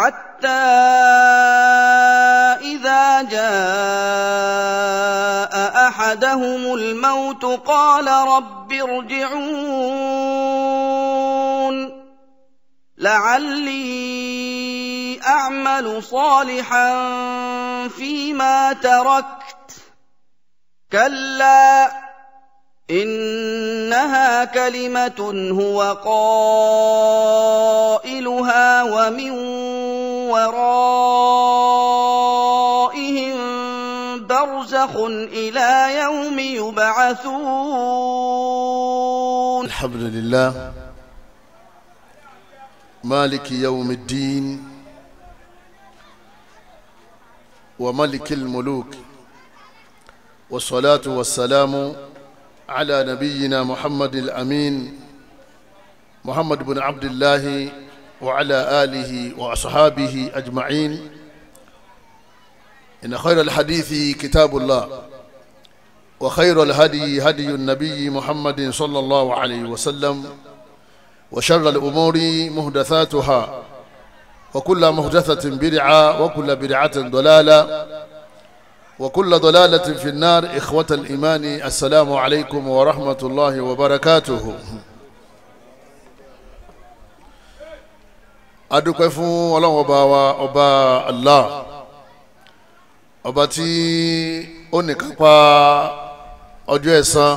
حتى إذا جاء أحدهم الموت قال رب ارجعون لعلي أعمل صالحا فيما تركت كلا انها كلمه هو قائلها ومن ورائهم برزخ الى يوم يبعثون الحمد لله مالك يوم الدين وملك الملوك والصلاه والسلام على نبينا محمد الأمين محمد بن عبد الله وعلى آله وأصحابه أجمعين إن خير الحديث كتاب الله وخير الهدي هدي النبي محمد صلى الله عليه وسلم وشر الأمور مهدثاتها وكل مهدثة برعا وكل برعة ضلالة وكل ضلالة في النار إخوة الإيمان السلام عليكم ورحمة الله وبركاته adúpẹ́ fún ọlọ́run ọba wa ọba allah ọba tí ó nìkan pa ọjọ́ ẹ̀san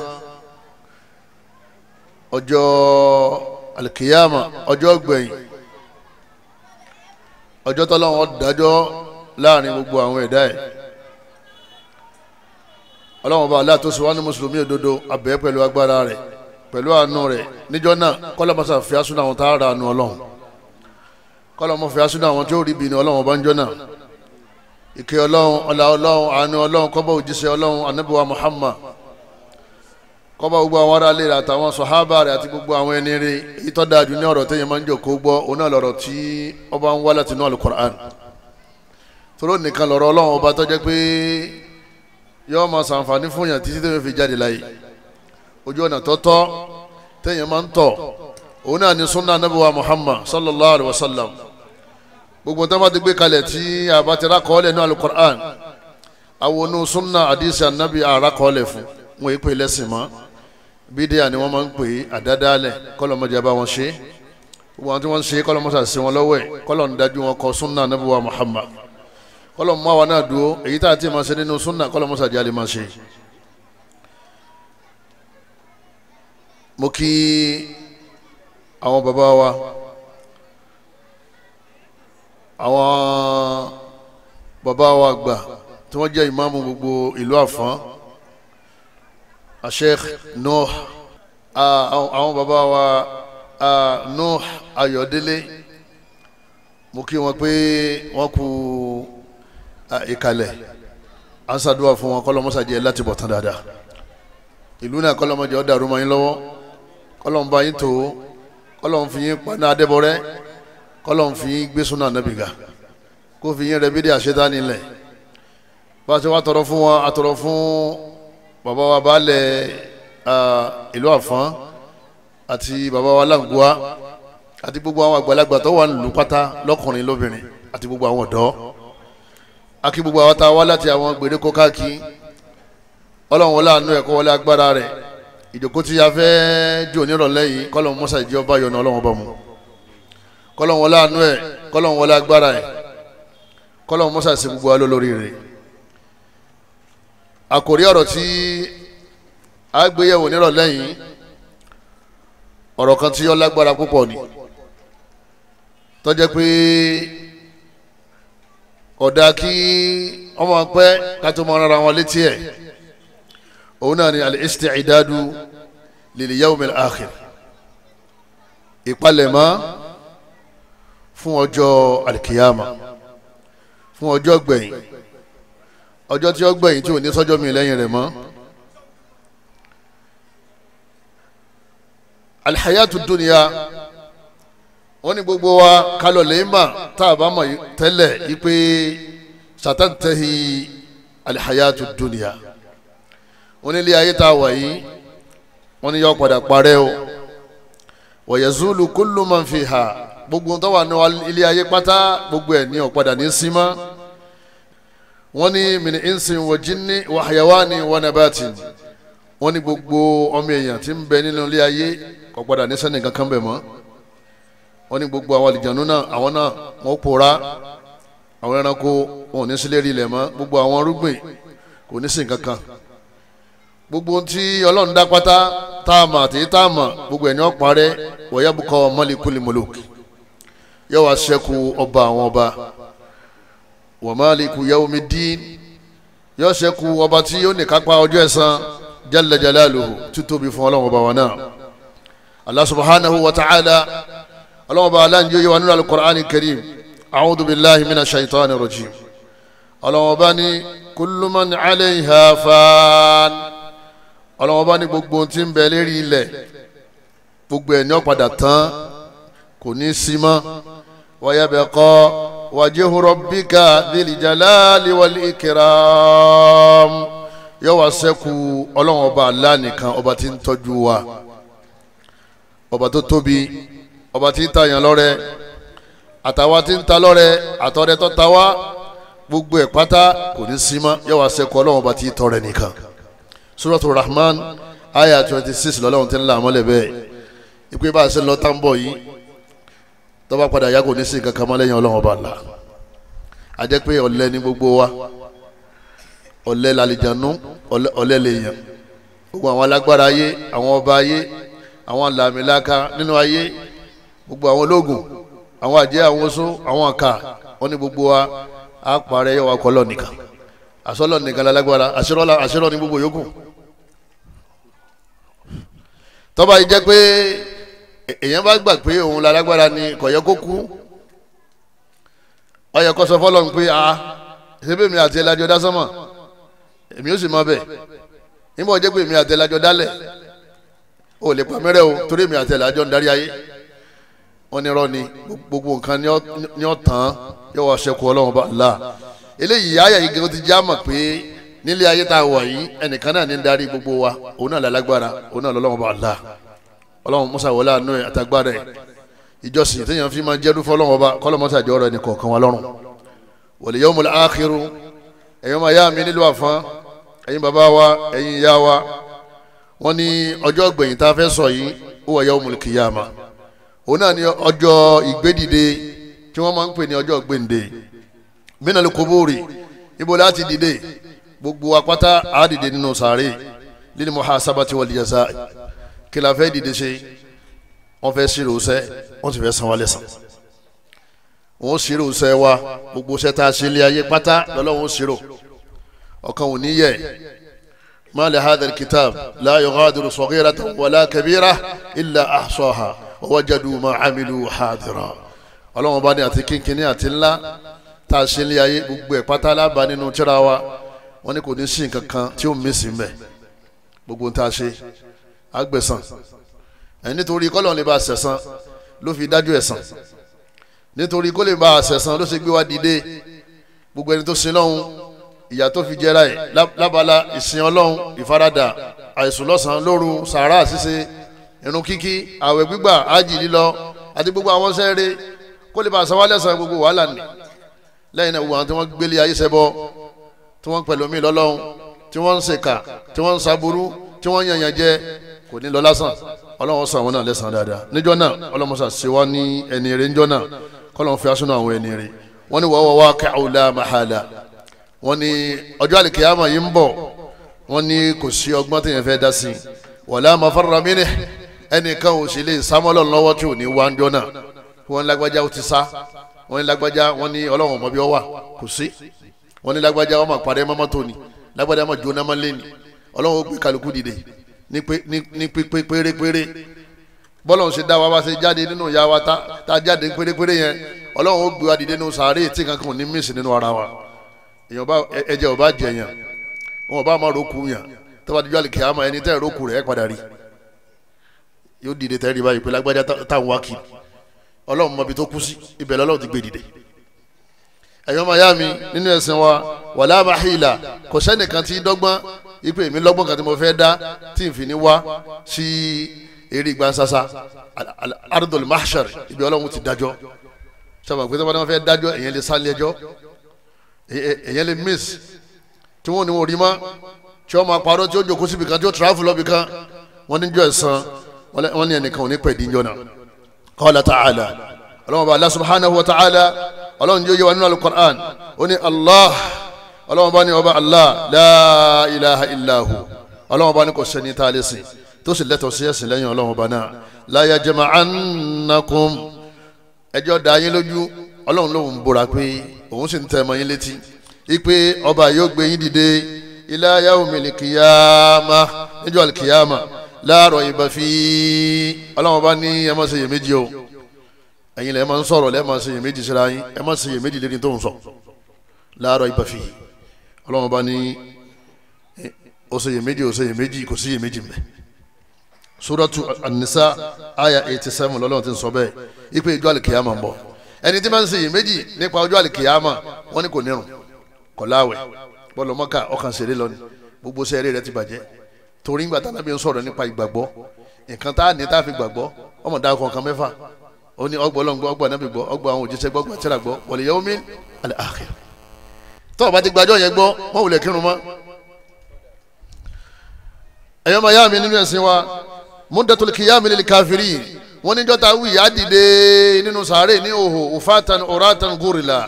ọjọ́ alikiyama ọjọ́ gbẹ̀yìn ọjọ́ tọ́lọ́run ó dájọ́ láàrin gbogbo àwọn ẹ̀dá ẹ̀ ọlọ́run ọba aláàtó sọ wá ní mùsùlùmí òdodo abẹ́ pẹ̀lú agbára rẹ̀ pẹ̀lú àánú rẹ̀ níjọ́ náà kọ́lọ́ mọ́sá fi asúnà àwọn tá a ra àánú ọlọ́run kọ́lọ́ mọ́ fi asúnà àwọn tó rí bìnnú ọlọ́run ọba ń jọ́ náà ìkẹ́ ọlọ́run ọlá ọlọ́run àánú ọlọ́run kọ́bá òjíṣẹ́ ọlọ́run anábíwá Muhammad kọ́bá gbogbo àwọn ará ilé rẹ̀ àtàwọn sọ̀hábà rẹ̀ àti gbogbo àwọn ẹni rẹ̀ ìtọ́da ní ọ̀rọ̀ téèyàn máa ń jòkó gbọ́ òun náà tí ọba ń wá láti inú Al-Qur'an tóró nìkan ọlọ́run ọba tó pé yóò máa ṣàǹfààní fún yàn títí tẹ́yìn fi jáde láyé ojú ọ̀nà tọ́tọ́ tẹ́yìn máa ń tọ̀ òun náà ni sunna anabi wa muhammad sallallahu alayhi wa sallam gbogbo tó bá ti gbé kalẹ̀ tí a bá ti rákọ́ọ́lẹ̀ ní alukur'an awonu sunna hadisi anabi àrákọ́ọ́lẹ̀ fún wọn èèpè lẹ́sìn mọ́ bídíà ni wọ́n máa ń pè é àdádálẹ̀ kọ́lọ́mọdé bá wọn ṣe gbogbo àwọn tí wọ́n ń ṣe kọ́lọ́mọdé sàṣẹ wọn lọ́wọ́ ẹ̀ kọ́lọ́ ń dájú wọn kọ sunna anabi wa muhammad kọ́lọ̀ mú àwa náà dúró èyí tá a ti máa ṣe nínú súnà kọ́lọ̀ mọ́sá di àlè máa ṣe. mo kí àwọn bàbá wa àwọn bàbá wa àgbà tí wọ́n jẹ́ ìmáàmù gbogbo ìlú àfọ́n asheikh nuh àwọn bàbá wa nuh ayọ̀délé mo kí wọn pé wọ́n kú ìkàlẹ̀ e à ń ṣàdúrà fún wọn kọ́lọ́mọ́sàjẹ́ láti bọ̀ tán dáadáa ìlú náà kọ́lọ́mọ́jẹ́ ọ̀dà àrùmọ̀ yín lọ́wọ́ kọ́lọ́mọba yín tó kọ́lọ́mọ fi yín paná adébọ̀rẹ́ kọ́lọ́mọ fi yín gbé súnà nàbìgà kó fi yín rẹ bídí àṣetá nílẹ̀ bá a ti wá tọrọ fún wọn a tọrọ fún bàbá wa baálẹ̀ ìlú àfọ́n àti bàbá wa láǹgùwá àti gbogbo àwọn àgbàlagbà tó wà nílùú pátá lọ́kùnrin lóbìnrin àti gbogbo àwọn ọ̀dọ́ akí gbogbo àwọn tá a wá láti àwọn gbèdéko káàkiri ọlọ́run wọlé àánú ẹ̀kọ́ wọlé agbára rẹ̀ ìjòkó tí a fẹ́ jò nírọ̀lẹ́ yìí kọ́lọ́run mọ́sá ìdí ọba yọ̀nà ọlọ́run ọba mu kọ́lọ́run wọlé àánú ẹ̀ kọ́lọ́run wọlé agbára ẹ̀ kọ́lọ́run mọ́sá ìsìn gbogbo aló rẹ̀ àkòrí ọ̀rọ̀ tí a gbéyẹ̀wò yìí ọ̀rọ̀ kan tí ó lágbára púpọ̀ ni tó pé kódà kí ọmọ pẹ́ kátó mọ́ ara wọn létí ẹ̀ òun náà ni al-isti'dadu lil-yawm al-akhir ìpalẹ̀mọ́ fún ọjọ́ alikiyama fún ọjọ́ gbẹ̀yìn ọjọ́ tí ó gbẹ̀yìn tí ò ní sọ́jọ́ mi lẹ́yìn rẹ̀ mọ́. alihayatu dunya ó ní gbogbo wa kálọ̀ lẹ́yìnmà tá a bá mọ̀ tẹ́lẹ̀ yí pé satan tẹ́hí alihayatu dunya ó ní ilé ayé tá a wà yìí wọ́n ní yọ padà parẹ́ o wa yazulu kullu man fiha gbogbo tó wà ní ilé ayé pátá gbogbo ẹ̀ ní ọ̀padà ní símá wọ́n ní min insin wa jinni wa hayawani wa nabatin wọ́n ní gbogbo ọmọ èèyàn tí ń bẹ nínú ilé ayé ọ̀padà ní sẹ́nìkan kan bẹ̀ mọ́ ó ní gbogbo àwọn àlìjànú náà àwọn náà wọ́n pòórá àwọn ẹranko wọn ò ní sílẹ̀ rí ilẹ̀ mọ́ gbogbo àwọn arúgbìn kò ní sìn kankan gbogbo tí ọlọ́run dá pátá tá a mọ̀ àti tá a mọ̀ gbogbo ẹ̀yàn parẹ́ wọ̀nyá bukọ malikul muluk yóò wá ṣẹ́kù ọba àwọn ọba wa maliku yawmiddin yóò ṣẹ́kù ọba tí yóò ní kápá ọjọ́ ẹ̀san jalla jalaluhu títóbi fún ọlọ́run ọba wa náà Allah subhanahu wa ta'ala ọlọ́run bá aláǹjẹ́ yẹ wà nínú alukur'an karim a'udhu billahi mina shaitani rajim ọlọ́run bá ní kullu man alayha fan ọlọ́run bá ní gbogbo tí ń bẹ lérí ilẹ̀ gbogbo ẹ̀ ní ọ̀padà tán kò ní í sí mọ́ wa yabqa wajhu rabbika dhil jalali wal ikram yóò sẹ́kù ọlọ́run ọba alá ọba tí ń tọ́jú wa ọba tó tóbi ọba tí ń ta yàn lọ́rẹ àtàwa tí ń ta lọ́rẹ àtọrẹ tó ta wá gbogbo ẹ̀ pátá kò ní sí yóò wá sẹ́kọ̀ọ́ ọlọ́run ọba tí ń tọrẹ nìkan suratul rahman aya twenty six lọ́lọ́run ti ń là mọ́lẹ̀ bẹ́ẹ̀ ìpè bá a ṣe lọ́ọ́ tá ń bọ̀ yìí tó bá padà yá kò ní sí nǹkan kan mọ́ lẹ́yìn ọlọ́run ọba là á jẹ́ pé ọ̀lẹ ní gbogbo wa ọ̀lẹ làlìjànú ọ̀lẹ lèèyàn gbogbo àwọn alágbára ayé àwọn ọba ayé àwọn làmìlaka nínú ayé gbogbo àwọn ológun àwọn àjẹ́ àwọn oṣó àwọn àka wọn ní gbogbo wa á parẹ́ yọ wa kọ́lọ̀ nìkan àsọlọ̀ nìkan lálágbára àṣírọ́lá àṣírọ́ ní gbogbo yòókù tọ́ba yìí jẹ́ pé èèyàn bá gbà pé òun lálágbára ni kò yẹ kó kú ó pé a ṣébè mi àti ẹlẹ́jọ́ dásánmọ̀ èmi ò sì mọ bẹ́ẹ̀ nígbà ó pé èmi àti ẹlẹ́jọ́ dálẹ̀ ò lè pàmẹ́rẹ́ o torí èmi àti ẹlẹ́jọ́ ń darí ayé onírọ́ ni gbogbo nǹkan ni ó tán yóò wá ṣẹ́kù ọlọ́run bá la eléyìí ayé yìí gan ti já mọ̀ pé nílé ayé tá a wà yìí ẹnìkan náà ní darí gbogbo wa òun náà lálágbára òun náà lọ́lọ́run bá la ọlọ́run musa wọlé àánú ẹ̀ àtàgbára ẹ̀ ìjọsìn téèyàn fi máa jẹ́rú fọlọ́run ọba kọ́lọ́mọ́sá àjọ ọ̀rọ̀ ẹni kọ̀ọ̀kan wa lọ́rùn wal yawmul akhiru ẹ̀yin ọmọ ayá mi nílùú àfọ́n ẹ̀yin bàbá wa ẹ̀yin ìyá òun náà ni ọjọ́ ìgbédìde tí wọ́n máa ń pè ní ọjọ́ gbèǹde mínàlú kòbóòrè ibo láti dìde gbogbo apáta àádìde nínú sàárè lílì muhasabati wal jaza kí la fẹ́ dìde ṣe wọ́n fẹ́ ṣírò ṣẹ́ wọ́n sì fẹ́ san wa lẹ́san wọ́n ṣírò ṣẹ́ wa gbogbo ṣẹ́ tá a ṣe lé ayé pátá lọ́lọ́wọ́n ṣírò ọ̀kan ò ní yẹ ma li hadha al-kitab la yughadiru saghiratan wala kabiratan illa ahsaha wajadu ma amilu hadira ọlọ́run bá ní àti kínkínní àti ńlá tá a ṣe ní ayé gbogbo ẹ̀ pátá lába nínú tíra wa wọ́n ní kò ní sí nǹkan kan tí ó mísì mẹ́ gbogbo tá a ṣe àgbẹ̀sán ẹ̀ nítorí kọ́lọ́run lè bá ṣẹ̀san ló fi dájú ẹ̀san nítorí kó lè bá ṣẹ̀san ló ṣe gbé wá dìde gbogbo ẹni tó sin lọ́hùn ìyà tó fi jẹ́ra ẹ̀ lábala ìsìn ọlọ́hun ìfaradà àìsùn lọ́sàn-án lóru sàárà ṣíṣe irun kíkí àwẹ̀ gbígbà ájì lílọ àti gbogbo àwọn sẹ́ẹ̀rẹ́ kó lè bá àsawálẹ̀ sàn gbogbo wàhálà ni lẹ́yìn náà gbogbo àwọn tí wọ́n gbélé ayé ṣẹbọ tí wọ́n pẹ̀lú mi lọ́lọ́run tí wọ́n ń ṣèkà tí wọ́n ń saburú tí wọ́n ń yànyàn jẹ kò ní lọ lásán ọlọ́run sọ àwọn náà lẹ́sàn dáadáa níjọ́ náà ọlọ́mọṣà ṣe wá ní ẹni rere níjọ́ náà kọ́lọ́n fi aṣọ àwọn ẹni rere wọ́n ní wàá wá káàwùlà màhàlà wọ́n ní ọjọ́ àlìkèyàmọ̀ yìí ń bọ̀ wọ́n ní kò sí ọgbọ́n tẹ̀yẹ̀ fẹ́ dá sí wàlá màfàrà mí ẹnìkan ò sì lè sámọ́lọ̀ lọ́wọ́ tí ò ní wá ń jọ náà wọ́n ní lágbájá ó ti sá wọ́n ní lágbájá wọ́n ní ọlọ́run ọmọ bí ọ wà kò sí wọ́n ní lágbájá ọmọ àpàdé mọ́mọ́ tó ni lágbájá ọmọ jóná mọ́ lẹ́ni ọlọ́run ó gbé kálukú dìde ní pípé pérépéré bọ́lọ̀ ṣe dá wa wá ṣe jáde nínú ìyá wa tá tá jáde pérépéré yẹn ọlọ́run ó gbé wa dìde nínú sàárè tí kankan ò ní mí sí nínú ara wa ẹ̀jẹ̀ ò bá jẹ̀yàn wọn ò bá máa rókù yàn tó bá àlìkè àmọ́ ẹni tẹ́ ẹ̀ rókù rẹ̀ ẹ̀ padà rí yóò dìde tẹ́rì báyìí pé lágbájá táwọn wá kiri ọlọ́run mọbi tó kú sí ibẹ̀ lọ́lọ́run ti gbé dìde ẹ̀yọ́ máa yá mi nínú ẹ̀sìn wa wàlá mahila kò sẹ́nìkan tí dọ́gbọ́n ipe èmi lọ́gbọ́n kan tí mo fẹ́ dá tí n fi ní wá sí eré gbansasa ardol mahshar ibi ọlọ́run ti dájọ́ sábà pé sábà fẹ́ dájọ́ èyàn lè sálẹ̀ ẹjọ́ èyàn lè miss tí wọ́n ní wọ́n rí mọ́ tí wọ́n máa parọ́ tí ó jókòó síbi kan tí ó tìráfù wọ́n ní ẹnìkan ò ní pẹ̀lú ìjọ náà qala ta'ala ọlọ́wọ́n bá Allah subhanahu wa ta'ala ọlọ́wọ́n yóò yẹ wa nínú al-Qur'an ó ní Allah ọlọ́wọ́n bá ní ọba Allah la ilaha illahu ọlọ́wọ́n bá ní kò sẹ́ni tá a lè sìn tó sì lẹ́tọ̀ọ́ sí ẹ̀sìn lẹ́yìn ọlọ́wọ́n bá náà la yajma'annakum ẹjọ́ da yín lójú ọlọ́run lòun bóra pé òun sì ń tẹ́ ọmọ yín létí ipe ọba yóò gbé yín dìde ila yawmil qiyamah níjọ́ al la rayba fi ọlọ́run bá ní ẹ má ṣe iyèméjì o ẹ̀yin lẹ́ẹ̀ máa ń sọ̀rọ̀ lẹ́ẹ̀ máa ṣe iyèméjì síra yín ẹ má ṣe iyèméjì lérí tó ń sọ la rayba fi ọlọ́run bá ní ó ṣe iyèméjì ó ṣe iyèméjì kò sí iyèméjì mẹ́ suratu an-nisa aya eighty seven lọ́lọ́run ti ń sọ bẹ́ẹ̀ ipe ìjọ àlìkìyàmà ń bọ̀ ẹni tí máa ń ṣe iyèméjì nípa ọjọ́ àlìkìyàmà wọ́n ní kò nírun kọ̀ láwẹ̀ bọ́ọ̀lù torí ngbàtà nàbí ń sọ̀rọ̀ nípa ìgbàgbọ́ nǹkan tá a ní tá a fi gbàgbọ́ ọmọ dáa kọ̀ọ̀kan mẹ́fà ó ní ọgbọ́ ọlọ́run gbọ́ ọgbọ́ ànábì gbọ́ ọgbọ́ àwọn òjíṣẹ́ gbọ́ ọgbọ́ àtìrà gbọ́ wal yawmil akhir tó o bá ti gbàjọ́ yẹn gbọ́ mọ́ wulẹ̀ kírun mọ́. ẹ̀yọ́ máa yá mi nínú ẹ̀sìn wa muddatul qiyam lil kafirin wọ́n níjọ́ ta wí yá dìde nínú sàárè ní òhò òfàtàn òràtàn gòrìlà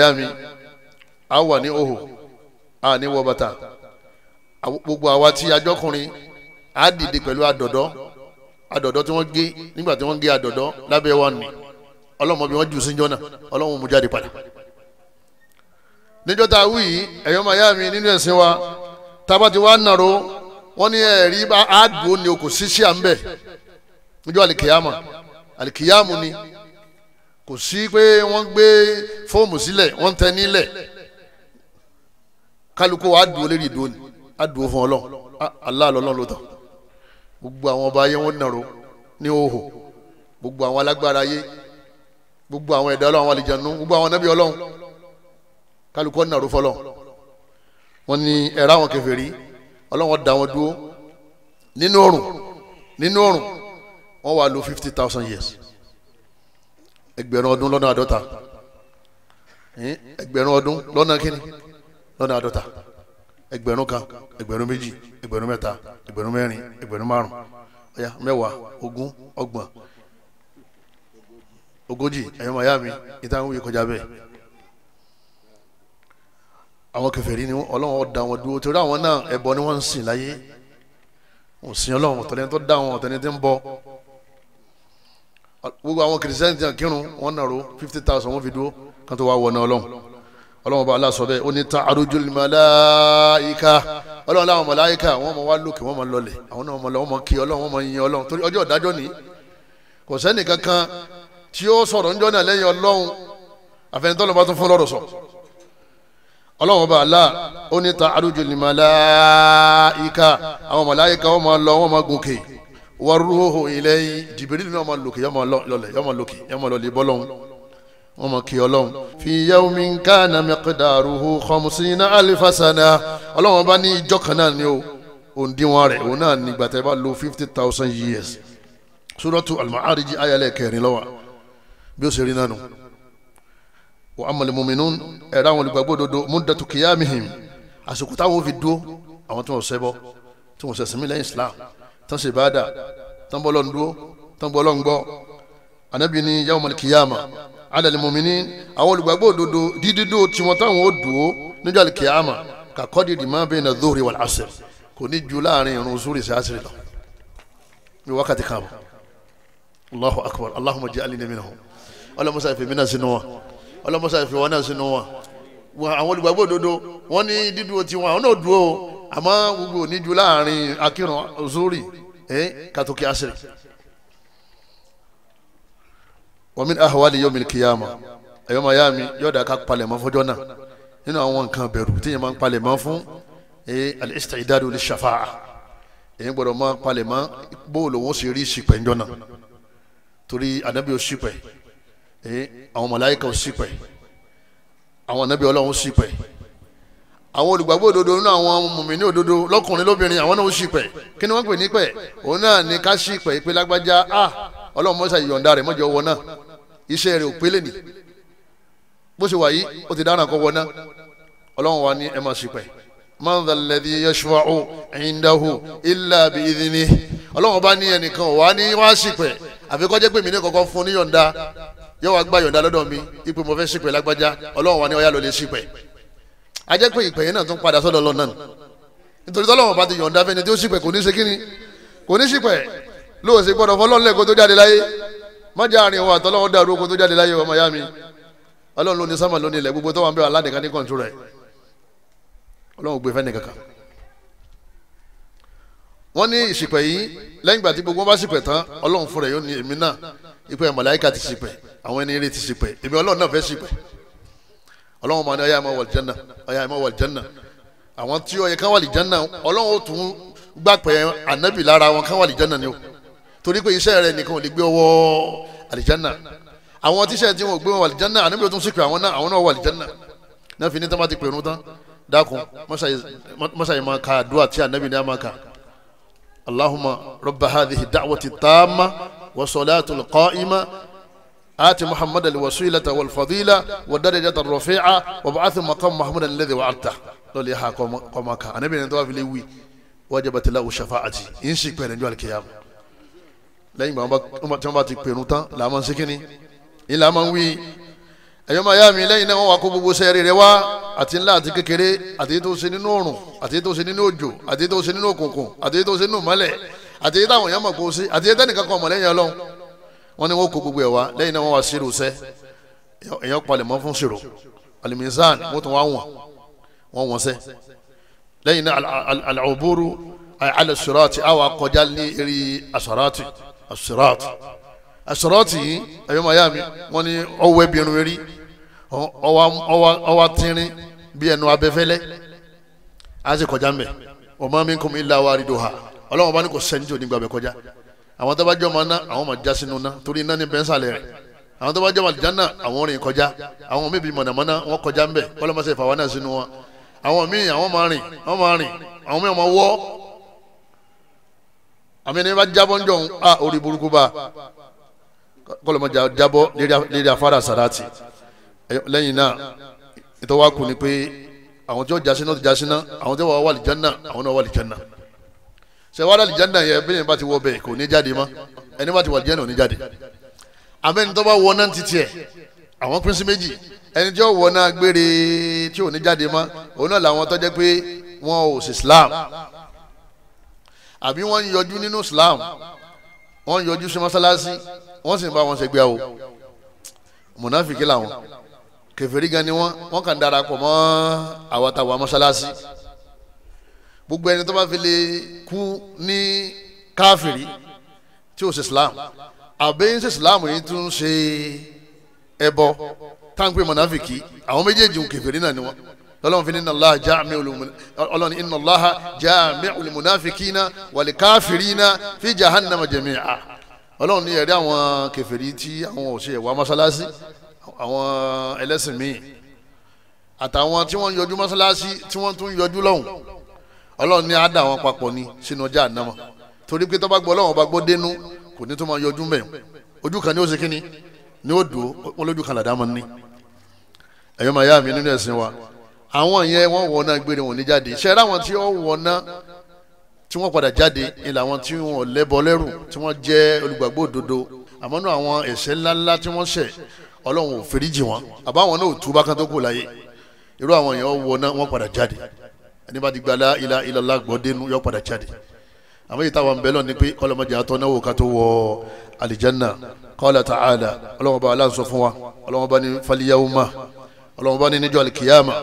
yá mi a wà ní a ni wọ bàtà gbogbo awa tí ajọkùnrin a dìde pẹ̀lú àdọ̀dọ́ àdọ̀dọ́ tí wọ́n gé nígbà tí wọ́n gé àdọ̀dọ́ lábẹ́ wa nì ọlọ́mọ bí wọ́n jù sí jọ́nà ọlọ́mọ mú jáde padà níjọ́ tá a wí yìí ẹ̀yọ́ màá mi nínú ẹ̀sìn wa tába ti wá nàró wọ́n ní ẹ̀rí bá a dùn ní okò sísí à ń bẹ̀ níjọ́ àlìkìyàmà àlìkìyàmù ni kò sí pé wọn gbé fóòmù sílẹ̀ wọn tẹ nílẹ̀ kálukú wa dùn lérí ìdúró ni a dùn fún ọlọ́run aláàlọ́lọ́run ló tán gbogbo àwọn ọba ayé wọn nàró ní òhò gbogbo àwọn alágbára ayé gbogbo àwọn ẹ̀dá ọlọ́run àwọn gbogbo àwọn nábì ọlọ́run kálukú nàró fọlọ́ wọn ni ẹ̀rá àwọn kèfèrí ọlọ́run dá wọn dúró nínú oòrùn nínú oòrùn wọn wà lò fifty thousand years ẹgbẹ̀rún ọdún lọ́nà àádọ́ta ẹgbẹ̀rún ọdún lọ́nà kínní lọ́nà àádọ́ta ẹgbẹ̀rún kan ẹgbẹ̀rún méjì ẹgbẹ̀rún mẹ́ta ẹgbẹ̀rún mẹ́rin ẹgbẹ̀rún márùn ọ̀yà mẹ́wàá ogún ọgbọ̀n ogójì ẹ̀yọ́ màyá mi níta ń wí kọjá bẹ́ẹ̀ àwọn kèfèrí ni ọlọ́run ọ̀dà wọn dúró torí àwọn náà ẹbọ ni wọ́n ń sìn láyé wọ́n sìn ọlọ́run ọ̀tọ̀lẹ́ni tó dá wọn ọ̀tọ̀lẹ́ni tó ń bọ gbogbo àwọn kìrìsìtẹ́nì tí wọ́n kírun wọ́n nàró fifty thousand wọ́n fi dúró kan tó wá wọ náà ọlọ́run ọlọ́run ọba aláṣọ bẹ́ẹ̀ ó ní ta arujul màláìka ọlọ́run láwọn màláìka wọ́n mọ wá lókè wọ́n mọ lọlẹ̀ àwọn náà wọ́n mọ kí ọlọ́run wọ́n mọ yin ọlọ́run torí ọjọ́ ìdájọ́ ni kò sẹ́ni kankan tí ó sọ̀rọ̀ níjọ́ náà lẹ́yìn ọlọ́run àfẹnitọ́lọ́ bá tún fún lọ́rọ̀ sọ ọlọ́run ọba alá ó ní wọ́n kí ọlọ́run fi yawmin kana miqdaruhu khamsina alfa sana ọlọ́run bá ní ìjọ kan náà ni o òǹdíwọ̀n rẹ̀ òun náà nígbà tẹ́ bá lo fifty thousand years suratu al-ma'arij ayẹlẹ kẹrin ló bí ó ṣe rí nánu wa ammal mu'minun ẹ̀rọ àwọn olùgbàgbọ́ dodo muddatu qiyamihim àsìkò táwọn fi dúró àwọn tó ń ṣẹbọ tó ń ṣẹ̀sìn mílẹ̀ islam tó ń ṣe báadà tó ń bọ́ lọ́n dúró tó bọ́ lọ́n gbọ́ anabi ni yawmal alal mu'minin àwọn olùgbàgbọ́ òdodo dídúdú tiwọn táwọn ó dùn ó níjọ́ alikiyama kakọ́dì dì máa bẹ́ẹ̀ na dóòrè wal asr kò ní ju láàrin irun zuri sí asiri lọ ní wákàtí kan allahu akbar allahumma ja'alni minhum ọlọmọsá ìfẹ́ mi náà sínú wọn ọlọmọsá ìfẹ́ wọn náà sínú wọn wọn àwọn olùgbàgbọ́ òdodo wọn ní dídúró tiwọn àwọn náà dúró àmọ́ gbogbo ní ju láàrin akírun zuri ẹ̀ eh, kàtókè asiri wa min ahwali yawmil qiyama ẹ̀yọ́ máa yá mi yóò dà ká palẹ̀ mọ́ fọjọ́ náà nínú àwọn nǹkan bẹ̀rù tí yẹn máa ń palẹ̀ mọ́ fún al-istidadu lish-shafa'a èyí gbọ́dọ̀ máa palẹ̀ mọ́ bóòlù wọn sì rí ìsìpẹ̀ ńjọ́ náà torí ànábì ò ṣìpẹ̀ àwọn màláíkà ò ṣìpẹ̀ àwọn ànábì ọlọ́run ṣìpẹ̀ àwọn olùgbàgbọ́ òdodo nínú àwọn mùmíní òdodo lọ́kùnrin lóbìnrin àwọn náà ó ṣìpẹ̀ kí ni wọ́n pè nípẹ̀ òun náà ní ká ṣìpẹ̀ ìpè lágbájá ah ọlọ́run mọ́sá ìyọ̀ǹda rẹ̀ mọ́jọ́ wọ náà iṣẹ́ rẹ̀ ò pélé ni bó ṣe wà yìí ó ti dáná kọ́ wọná ọlọ́run wa ní ẹ máa ṣìpẹ̀ man dhal ladhi yashfa'u indahu illa bi idhni ọlọ́run bá ní ẹnìkan wà ní wá ṣìpẹ̀ àfi kó jẹ́ pé mi ní kọ́kọ́ fún ní yọ̀ǹda yóò wá gbà yọ̀ǹda lọ́dọ̀ mi ipò mo fẹ́ ṣìpẹ̀ lágbájá ọlọ́run wa ní ọyá lọ lè ṣìpẹ̀ a jẹ́ pé ìpẹ̀yẹ náà tún padà sọ́dọ̀ lọ́nà nítorí tọ́lọ́run bá ti yọ̀ǹda fẹ́ni tí ó ṣìpẹ̀ kò ní ṣe kíni kò ní ṣìpẹ̀ lóòsì gbọ́dọ̀ fọlọ́ọ̀lẹ́kọ̀ọ́ tó jáde láyé mọ́jà àárín wa àtọ́lọ́wọ́ dàrú ogun tó jáde láyé ọmọ ya mi ọlọ́run ló ní sámà ló ní ilẹ̀ gbogbo tó wà ń bẹ̀rẹ̀ aládìkan ní kọ̀ǹtù rẹ̀ ọlọ́run gbé fẹ́ni kankan. wọ́n ní ìṣìpẹ̀ yìí lẹ́yìn ìgbà tí gbogbo bá ṣìpẹ̀ tán ọlọ́run fúnra yóò ní èmi náà ìpẹ́ màláíkà ti ṣìpẹ̀ àwọn ẹni eré ti ṣìpẹ̀ èmi ọlọ́run náà fẹ́ ṣìpẹ̀ ọlọ́run máa ní ọyá ẹ̀mọ́ wàlìjánà ọyá ẹ̀mọ́ wàlìjánà àwọn tí ó yẹ ká wàlìjánà ọlọ́run ó tún gbàpẹ́ ànábì lára wọn ká wàlìjánà ni o torí pé iṣẹ́ rẹ̀ nìkan ò lè gbé ọwọ́ àlìjánà àwọn tíṣẹ́ tí wọn ò gbé wọn àlìjánà àníbi tó tún síkìrì àwọn náà àwọn náà wà àlìjánà náà fi ní tọ́mátì pèrún tán dákun mọ́ṣáyé máa ka àdúrà tí ànábì ní a máa ka allahumma rabba hadhihi da'wati taama wa salatu alqa'ima آت محمد الوسيلة والفضيلة والدرجة الرفيعة وابعث مقام محمد الذي وعدته لو ليها قومك أنا بين في لوي وجبت له شفاعتي إن شكرا جوال القيامة lẹ́yìn ìgbà tí wọ́n bá ti pèrún tán là máa ń ṣe kínní ìlà máa ń wí ẹ̀yọ́ máa yá mi lẹ́yìn náà wọ́n wá kó gbogbo sẹ́ẹ̀rì rẹ wá àti ńlá àti kékeré àti tó ṣe nínú òrùn àti tó ṣe nínú òjò àti tó ṣe nínú òkùnkùn àti tó ṣe nínú mọ́lẹ̀ àti táwọn èèyàn mọ̀ kó ṣe àti tẹ́nìkan kan mọ̀ lẹ́yìn ọlọ́run wọ́n ní wọ́n kó gbogbo ẹ̀ wá lẹ́yìn náà wọ́n wá ṣírò sẹ́ èèyàn palẹ̀ mọ́ fún ṣírò aliminsan wọ́n tún wá wọ̀n wọ́n wọ̀n sẹ́ asirati asirati yìí ẹ̀yọ́ màá yá mi wọ́n ní ọwọ́ ẹbí ẹnu rí ọwọ́ tínrín bí ẹnu abẹ́fẹ́lẹ́ á sì kọjá mbẹ́ ọmọ mi kò mí láwa rí doha ọlọ́wọ́n bá ní kò sẹ́ńtì òní gbàgbẹ́ kọjá àwọn tó bá jọ máa ná àwọn máa já sínú ná torí iná ní bẹ́ńsàlẹ̀ rẹ̀ àwọn tó bá jẹ́ àlùjáná àwọn rìn kọjá àwọn míì bíi mọ̀nàmọ́ná wọn kọjá ń bẹ̀ ọlọ́mọṣẹ́ náà sínú wọn àwọn míì àwọn máa rìn wọn máa rìn àwọn míì máa wọ́ àmì ní bá jábọ́ ń jọ̀hún a ah, orí burúkú bá kọlọ́mọ jábọ́ lérí afárá sàràtì lẹ́yìn náà ìtọ́wá kù ni pé àwọn tí ó jásínà ti jásínà àwọn tí wọ́n wà lìjẹ́ náà àwọn náà wà lìjẹ́ náà ṣe wàhálà lìjẹ́ náà yẹ bí ẹni bá ti wọ bẹ́ẹ̀ kò ní jáde mọ́ ẹni bá ti wà lìjẹ́ náà ò ní jáde àmì ní tó bá wọ náà ti tiẹ̀ àwọn pín méjì ẹni tí ó wọ náà gbére tí ò ní jáde mọ́ òun náà làwọn tó pé wọ́n ò sí Islam àbí wọ́n ń yọjú nínú Islam wọ́n ń yọjú sí mọ́sálásí wọ́n sì ń bá wọn ṣe gbéyàwó mùnàfíkì làwọn kèfèrí gan ni wọ́n wọ́n kàn darapọ̀ mọ́ àwàtàwà mọ́sálásí gbogbo ẹni tó bá fi lè kú ní káfìrí tí ó ṣe Islam àbí ń ṣe Islam yìí tún ṣe ẹbọ táǹpé mùnàfíkì àwọn méjèèjì kèfèrí náà ni wọ́n lọ́lọ́run fi ní inna Allaha jami'ul ọlọ́run inna Allaha jami'ul munafikina wal kafirina fi jahannama jami'a ọlọ́run ní ẹ̀rí àwọn kèfèrí tí àwọn òṣè wà mọ́sálásí àwọn ẹlẹ́sìn míì àtàwọn tí wọ́n ń yọjú mọ́sálásí tí wọ́n tún ń yọjú lọ́hùn ọlọ́run ní àdá àwọn papọ̀ ni sínú jahannama torí pé tó bá gbọ́ ọlọ́run bá gbọ́ dénú kò ní tó máa yọjú mẹ́ ojú kan ní ó ṣe kíni ní ó dùn ó lójú kan làdá máa ń ẹ̀yọ́ màá yá mi nínú ẹ̀sìn wa àwọn yẹn wọ́n wọ̀ náà gbére wọn ní jáde ṣẹ́ra àwọn tí wọ́n wọ̀ náà tí wọ́n padà jáde ni làwọn tí wọ́n lẹ́bọ lẹ́rù tí wọ́n jẹ́ olùgbàgbọ́ òdodo àmọ́ náà àwọn ẹ̀ṣẹ̀ ńláńlá tí wọ́n ṣẹ̀ ọlọ́run ò fèrèjì wọn àbáwọn náà ò túbá kan tó kù láyé irú àwọn yẹn wọ̀ náà padà jáde ẹni bá ti gba la ilaha illallah yọ padà jáde àmọ́ yìí táwọn bẹ́lọ̀ ni pé kọ́lọ́mọdé àtọ́ náà wò ká tó wọ alìjánná qala ta'ala ọlọ́wọ́n bá aláǹsọ fún wa ọlọ́wọ́n bá ní faliyahuma ọlọ́wọ́n bá ní níjọ́ alikiyama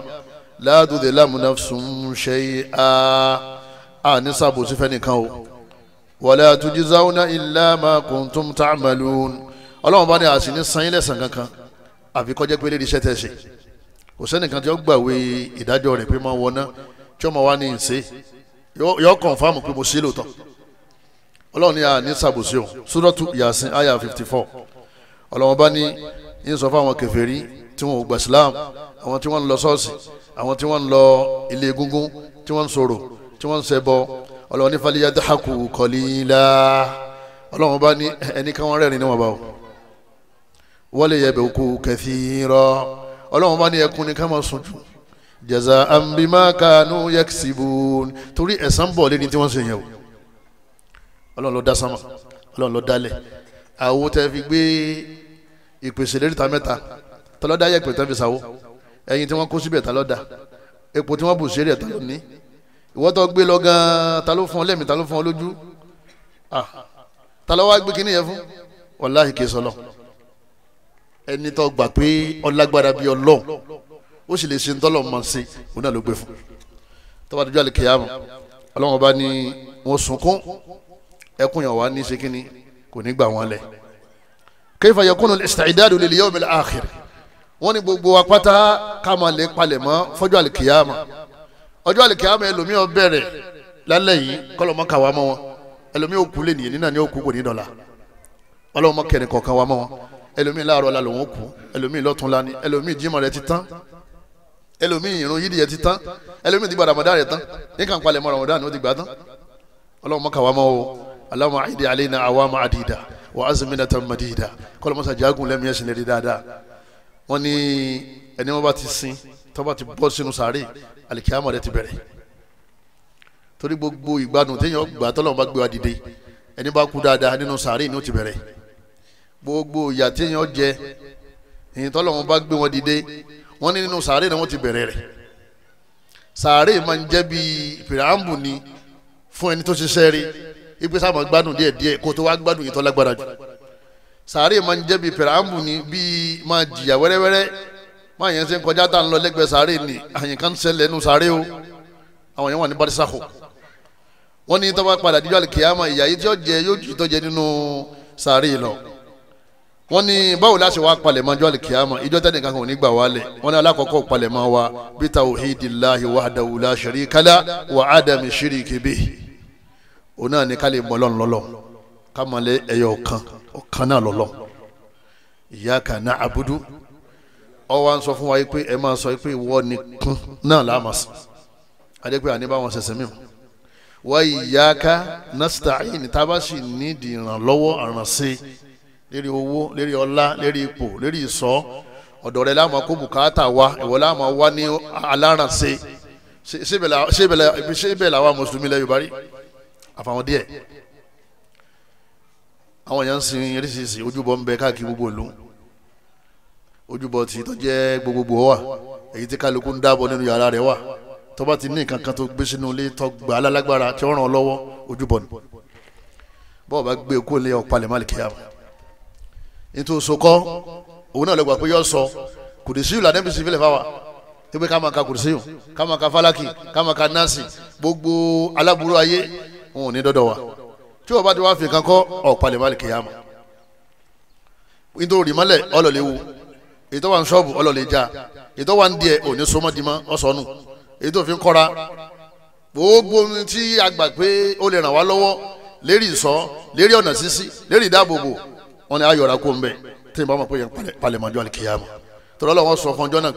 láàdúdè lámúnáfsùn ṣe à á ní sàbòsí fẹ́nìkan o wàlẹ́ àtúnjísáwọ́nà ilá máa kùn tún tá àmàlù ọlọ́run bá ní àṣì ní sanyín lẹ́sàn kankan àfi kọjá pé lédi iṣẹ́ tẹ̀sí kò sẹ́nìkan tí ó gbàwé ìdájọ́ rẹ̀ pé máa wọná tí ó máa wá ní ìṣe yọ kọ̀nfàmù pé mo ṣe lóòótọ́ ọlọ́run ní àní sàbòsí o súrọ́tù yasin aya fifty four ọlọ́run bá ní ń sọ fún àwọn tí wọn ò gbà sílámù àwọn tí wọ́n ń lọ sọ́ọ̀sì àwọn tí wọ́n ń lọ ilé egungun tí wọ́n ń sọ̀rọ̀ tí wọ́n ń ṣẹbọ ọlọ́run ní falẹ̀ yadhaku qalila ọlọ́run bá ní ẹni ká wọ́n rẹ́rìn níwọ̀n bá o wọ́n lè yabku kathira ọlọ́run bá ní ẹkún ní ká máa sùn jù jaza'an bima kanu yaksibun torí ẹ̀san bọ̀ lé ní tí wọ́n ṣe yẹn o ọlọ́run ló dá ọlọ́run ló dálẹ̀ àwo tẹ́ fi gbé ìpèsè lérí mẹ́ta tọ́lọ́dá yẹ tẹ́ fi sáwó ẹyin tí wọ́n kó síbẹ̀ ta lọ́dà epo tí wọ́n bù sí rẹ̀ ta ló ní ìwọ́ tó gbé lọ gan-an ta ló fún ọ lẹ́mìí ta ló fún ọ lójú ta ló wá gbé kíní yẹn fún wàláhì kì í sọlọ ẹni tó gbà pé ọlágbára bíi ọlọ́ọ̀ ó sì lè ṣe ń tọ́lọ̀ mọ̀ sí òun náà ló gbé fún tó bá dojú àlìkèyà mọ̀ bá ní wọ́n sunkún ẹkún yẹn wà ní ṣe kíní kò ní gbà wọ́n lẹ̀ kayfa yakunu al-isti'dadu lil yawm al-akhir wọ́n ní gbogbo wa pátá ká máa lè palẹ̀ mọ́ fọ́jọ́ àlìkìyàmà ọjọ́ àlìkìyàmà ẹlòmíì ó bẹ̀rẹ̀ lálẹ́ yìí kọ́lọ́mọ́ kà wá mọ́ wọn ẹlòmíì òkú lè nìyẹn nínà ní òkú kò ní dọ̀la ọlọ́mọ kẹrin kọ̀ọ̀kan wá mọ́ wọn ẹlòmíì láàárọ̀ la lòun kú ẹlòmíì lọ́tún la ni ẹlòmíì jímọ̀ rẹ ti tán ẹlòmíì ìrun yídìí rẹ ti tán ẹlòmíì dìgbà rẹ tán wọ́n ní ẹni wọ́n bá ti sin tó bá ti bọ́ sínú sàárè alikiyama rẹ ti bẹ̀rẹ̀ torí gbogbo ìgbádùn téèyàn gbà tọ́lọ́run bá gbé wa dìde ẹni bá kú dáadáa nínú sàárè ni ó ti bẹ̀rẹ̀ gbogbo ìyà téèyàn jẹ èyí tọ́lọ́run bá gbé wọn dìde wọ́n ní nínú sàárè náà wọ́n ti bẹ̀rẹ̀ rẹ̀ sàárè máa ń jẹ́ bí pìràmù ni fún ẹni tó ṣiṣẹ́ rí ipe sáà máa díẹ̀díẹ̀ kó tó wá gbádùn yìí tó lágbára jù sàárè máa ń jẹ́ bíi pẹ̀rẹ́àmù ni bíi máa jìyà wẹ́rẹ́wẹ́rẹ́ máa yẹn ṣe ń kọjá tá à ń lọ lẹ́gbẹ̀ẹ́ sàárè ni àyìnká ń ṣẹlẹ̀ nù sàárè o àwọn yẹn wà ní barisako wọ́n ní tọ́wọ́ padà díjọ́ àlùkìyàmà ìyá yìí tí ó jẹ yóò jù tó jẹ nínú sàárè lọ wọ́n ní báwo láti wá palẹ̀mọ́ ọjọ́ àlùkìyàmà ìjọ tẹ́lẹ̀ kankan ò ní gbà wálẹ̀ wọ́n ní alákọ̀ọ́kọ́ palẹ̀mọ́ wa bí tawhidillahi wahdahu la sharika wa adami shiriki bihi òun náà ní mọ́ lọ́nlọ́lọ́ kámalẹ̀ ẹ̀yọ̀ kan ọ̀kan náà lọ́lọ́ iyyaka na'budu ọwọ́ à ń sọ fún wa yìí pé ẹ máa sọ yìí pé ìwọ nìkan náà là á máa sìn adépe àní bá wọn ṣẹ̀ṣẹ̀ mìíràn wa iyyaka nasta'in tá a bá sì nídìí ìrànlọ́wọ́ àrànṣe lérí owó lérí ọlá lérí ipò lérí ìsọ ọ̀dọ̀ rẹ̀ láàmú kó bùkátà wa ìwọ láàmú wa ní alárànṣe síbẹ̀ làwọn mùsùlùmí lẹ́yìn bá rí àfàwọn díẹ̀ àwọn èèyàn ń sin eréṣiṣi ojúbọ ń bẹ káàkiri gbogbo ìlú ojúbọ tí tó jẹ́ gbogbogbò wà èyí tí kálukú ń dábọ̀ nínú yàrá rẹ̀ wà tó bá ti ní nǹkan kan tó gbé sínú ilé tó gbà á lálágbára tí ó ràn ọ́ lọ́wọ́ ojúbọ ni bọ́ọ̀ bá gbé okó e ilé ọ̀pálẹ̀ má lè kíyà mọ́ nítorí sokọ́ òun náà lè gbà pé yọ sọ kùdìsí ìlú àdébí sí ìfẹ́lẹ̀ fáwa wípé ká máa ka kùdìsí yìí ká máa ka fálákì ká máa ka násì gbogbo aláburú ayé òun ò ní dọ́dọ̀ wa. tí o bá ti wá fi kan kọ́ ọ̀pálẹ̀ má lè kéyàmà nítorí ìmọ̀lẹ̀ ọlọ́lẹ̀ wu wa ń ṣọ́ọ̀bù ọlọ́lẹ̀ já ètò wa ń òní kọ́ra gbogbo tí a gbà pé ó lè ràn wá lọ́wọ́ lérí ìsọ lérí ọ̀nà sísí lérí ìdáàbòbò wọn ni a yọra kó ń bẹ tí n bá mọ̀ pé yẹn sọ fún ọjọ́ náà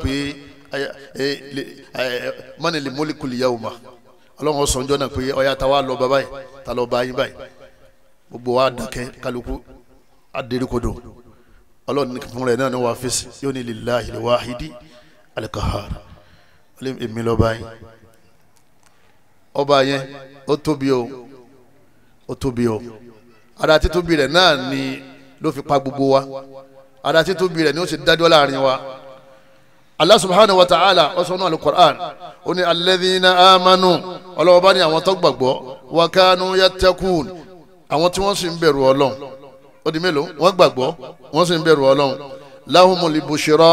gbogbo wa dákẹ́ kálukú adérikodo ọlọ́run ní fúnra ẹ̀ náà ní wàá fèsì yóò ní lillahi alwahidi alikahar ọlọ́run èmi lọ́ba yín ọba yẹn ó tóbi o ó tóbi o ara títóbi rẹ̀ náà ni ló fi pa gbogbo wa ara títóbi rẹ̀ ni ó sì dájọ́ láàrin wa allah subhanahu wa ta'ala ọsàn alukur'an ó ní amanu ọlọ́wọ́ bá ní àwọn tó gbàgbọ́ àwọn tí wọ́n sì ń bẹ̀rù ọlọ́run ó di mélòó wọ́n gbàgbọ́ wọ́n sì ń bẹ̀rù ọlọ́run lahumul bushra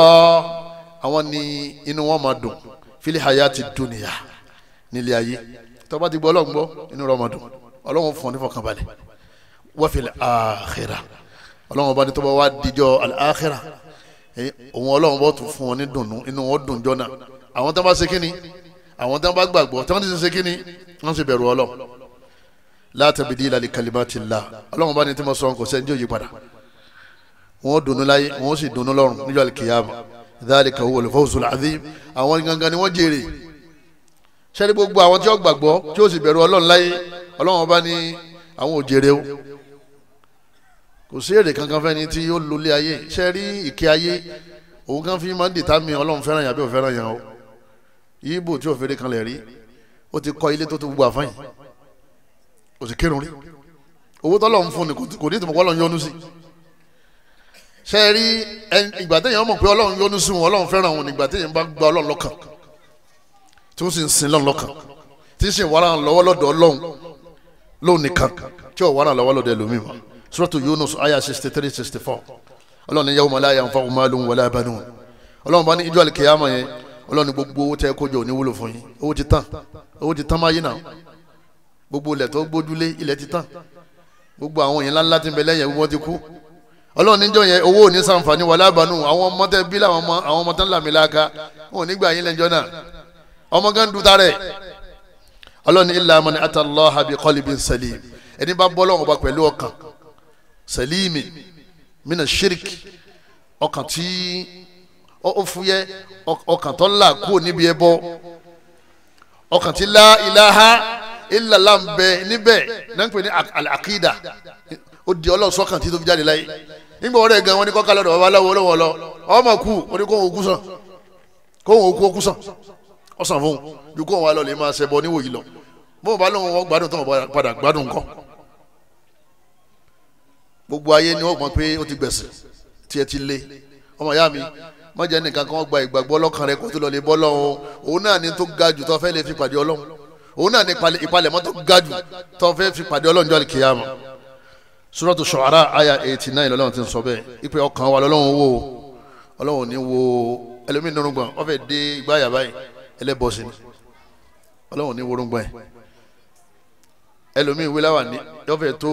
àwọn ni inú wọn máa dùn fil hayati dunya nílé ayé tó bá ti gbọ́ ọlọ́run gbọ́ inú rẹ̀ máa dùn ọlọ́run fún ọ ní fọkànbalẹ̀ wa fil akhirah ọlọ́run bá ní tó bá wá dijọ́ al-akhirah òun ọlọ́run bọ́ tún fún ọ ní dùnnú inú wọn dùn jọ́nà àwọn tó bá ṣe kíni àwọn tó bá gbàgbọ́ tó bá ti ṣe kíni wọ́n sì bẹ̀rù ọlọ́run látàbídí ìlàlí kalimati Allah ọlọ́run bá ní tí mo sọ kò sẹ́ni tí yóò yí padà wọ́n dùnú láyé wọ́n sì dùnú lọ́run níjọ́ alikiyama dhalika huwa al-fawzul azim àwọn gangan ni wọ́n jèrè sẹ́ni gbogbo àwọn tí ó gbàgbọ́ tí ó sì bẹ̀rù ọlọ́run láyé ọlọ́run bá ní àwọn ò jèrè o kò sí èrè kankan fẹ́ni tí ó lulẹ̀ ayé sẹ́rí ìkẹ́ ayé òun kan fi máa ń dìtà mi ọlọ́run fẹ́ràn kò sì kírun rí owó tọ́lọ̀ ń fún ni kò ní ìtumọ̀ Ọlọ́run yọ́nú sí ṣe rí ìgbà téèyàn mọ̀ pé Ọlọ́run yọ́nú sí wọn Ọlọ́run fẹ́ràn wọn nígbà téèyàn bá gba Ọlọ́run lọ́kàn tí wọ́n sì ń sin Ọlọ́run lọ́kàn tí ń sì wàrà lọ́wọ́ lọ́dọ̀ Ọlọ́run lóun nìkan tí ò wàrà lọ́wọ́ lọ́dọ̀ ẹlòmíì mọ́ Suratu Yunus aya sixty three sixty four Ọlọ́run yawma la yanfa'u malun wala banun Ọlọ́run bá ní ijọ́ àlìkèyàmọ̀ yẹn Ọlọ́run gbogbo owó tẹ́ kó jọ òní wúlò fún yín owó ti tán owó ti tán máa yín náà gbogbo ilẹ̀ tó gbójúlé ilẹ̀ ti tán gbogbo àwọn yẹn ńláńlá ti ń bẹ lẹ́yìn wọ́n ti kú ọlọ́run níjọ yẹn owó ò ní sànfàní wà lábàánú àwọn ọmọ tẹ bí làwọn ọmọ àwọn ọmọ tán làmì láàka wọn ò ní gbà yín lẹ́jọ́ náà ọmọ gan dùn tarẹ̀ ọlọ́run illa man ata Allaha bi qalbin salim ẹni bá bọ́ lọ́wọ́ bá pẹ̀lú ọkàn salimi mina shirk. ọkàn tí ó fúyẹ́ ọkàn tó là kúrò níbi ẹbọ ọkàn tí la ilaha ìlàlá ń bẹ níbẹ̀ náà ń pè ní àkìdá ó di ọlọ́run sọ́kàn tí tó fi jáde láyé nígbà wọ́n rẹ̀ gan wọn ní kọ́ka lọ́dọ̀ babaláwo lọ́wọ́ lọ ọmọ kú ó ní kóhùn okú sàn kóhùn okú okú sàn ọ̀sán fún un ju kóhùn wa lọ lè máa ṣẹbọ níwòyí lọ bó o bá lóun wọn gbádùn tán padà gbádùn nǹkan gbogbo ayé ni wọ́n gbọ́n pé o ti gbẹ̀sẹ̀ tiẹ̀ ti lé ọmọ ìyá mi má jẹ́ nìkan kan gba ìgbàgbọ́ ọlọ́kan rẹ kó tó lọ lè bọ́ lọ́hùn òun náà ni tó ga jù tó fẹ́ lè fi pàdé ọlọ́hun òun náà ní ìpalẹ̀mọ́ tó ga jù tó fẹ́ fi pàdé ọlọ́run jọ́lì kìyàmù suratu shu'ara aya eighty nine lọ́lọ́run ti ń sọ bẹ́ẹ̀ ìpè ọkàn wa lọ́lọ́run wò ọlọ́run ní wo ẹlòmíín nírúgbọ̀n wọ́n fẹ́ dé igbá yàrá yìí ẹlẹ́bọ̀sì ni ọlọ́run ní worúngbọ̀n yìí ẹlòmíín wíláwà ní yọ́ fẹ́ tó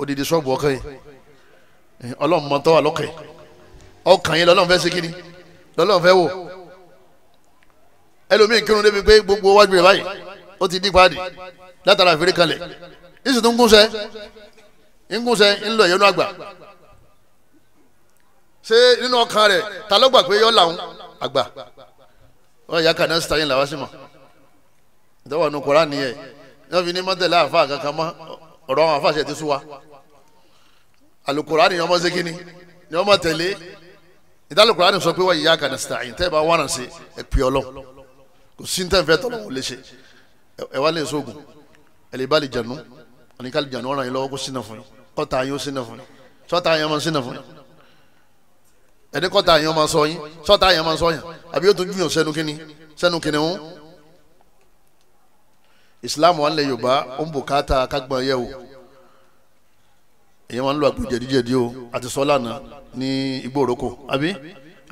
odidi sọ́ọ̀bù ọkàn yìí ọlọ́run mọ́tọ́ wà lọ́kàn yìí ọkàn yìí lọ́lọ́run fẹ́ ṣe kíni lọ́lọ́run fẹ́ wò ẹlòmíín kírun débi pé gbogbo wájú rẹ̀ báyìí ó ti dípadì látara àfẹ́rí kalẹ̀ ìsì tó ń gúnṣẹ́ ń gúnṣẹ́ ń lọ ìyọnu àgbà ṣé nínú ọkàn rẹ̀ ta ló gbà pé yọ làwọn àgbà wọn ìyá kàná sí tayé làwọn sì mọ̀ ìtọ́wọ̀ nu kọ́ra nìyẹn ní wọ́n fi ní mọ́tẹ́lá àfa kankan mọ́ ọ̀rọ̀ àwọn àfa ṣe ti sú wa alukura ni ọmọ segin ni ni ọmọ tẹ̀lé ìdálùkura ni sọ pé wọ́n ìyá kàná sí tayé tẹ́ ẹ bá wọ́n rà sí ẹ pè ọlọ́ kò sí ní tẹ́ fẹ́ tọ́lọ́ wọlé ṣe ẹ wá lè sóògùn ẹ lè bá lè jànú àní ká lè jànú ọ̀ràn yìí lọ́wọ́ kó sínà fún yín kọ́ta yín ó sínà fún yín sọ́ta yín ó máa sínà fún yín ẹni kọ́ta yín ó máa sọ yín sọ́ta yín ó máa sọ yín àbí yóò tún júyàn sẹ́nu kínní sẹ́nu kínní ń. Islam wa ń Yorùbá ó ń bùkátà kágbọn yẹ o èyí wọn ń lo àgbo jẹ̀díjẹ̀dí o àti sọ́lànà ní igbó òrókò àbí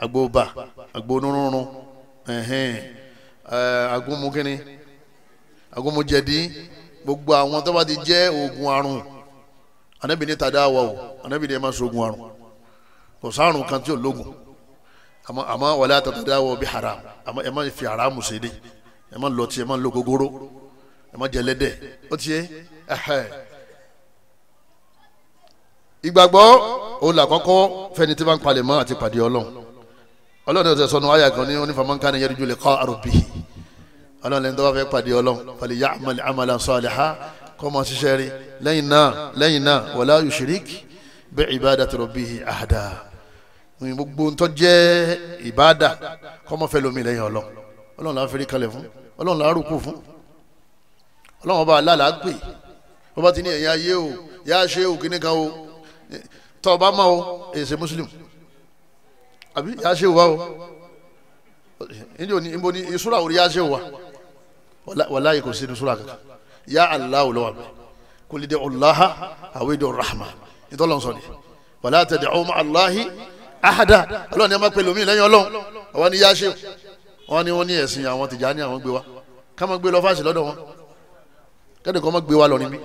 àgbo bà àgbo onírúurú àgbo mú kínní agomojẹ̀dí gbogbo àwọn tó bá ti jẹ́ oògùn àrùn anabi ní tàdá wa o anabi ní ẹ máa ṣoògùn àrùn kò sárùn kan tí ò lógun àmọ́ àmọ́ wàlẹ́ àtàtàdá wa bí haram àmọ́ ẹ máa fi haram ṣe dé ẹ máa lọtí ẹ máa lo gogoro ẹ máa jẹlẹ́dẹ̀ ó ti yé ẹ̀hẹ́ ìgbàgbọ́ òun làkọ́kọ́ fẹ́ni tí wọ́n ń palẹ̀ mọ́ àti pàdé ọlọ́run ọlọ́run ọ̀sẹ̀ sọnù ayà kan ní onífàmọ́ńkà ni yẹ́rìjú lè kọ́ àròbí yìí ọlọ́run lẹ́yìn tó bá fẹ́ pàdé ọlọ́run fàlẹ́ yá àmàlẹ́ àmàlẹ́ sọ́ọ̀lẹ́há kọ́ mọ́ ṣiṣẹ́ rí lẹ́yìn náà lẹ́yìn náà wala yushrik bi ibadati rabbihi ahada gbogbo ń tó jẹ́ ìbáàdà kọ́ mọ́ fẹ́ lómi lẹ́yìn ọlọ́run ọlọ́run la fẹ́rí kalẹ̀ fún ọlọ́run la rúkú fún ọlọ́run ọba aláàlá pè ọba ti ní ẹ̀yà ayé o yà á ṣe òkè nìkan o tọ́ ọba máa wàláyé kò sí nusura kankan ya allah olówó abẹ kul id'u allaha aw id'u rahma ìtọ́lọ́ sọ ni wala tad'u ma'a allahi ahada ọlọ́run ni a máa pè lómi lẹ́yìn ọlọ́run àwọn ni yáa ṣe wọn ni wọn ní ẹ̀sìn àwọn tìjà ní àwọn gbé wa ká máa gbé lọ fáṣì lọ́dọ̀ wọn kẹ́ni kan máa gbé wa lọ níbí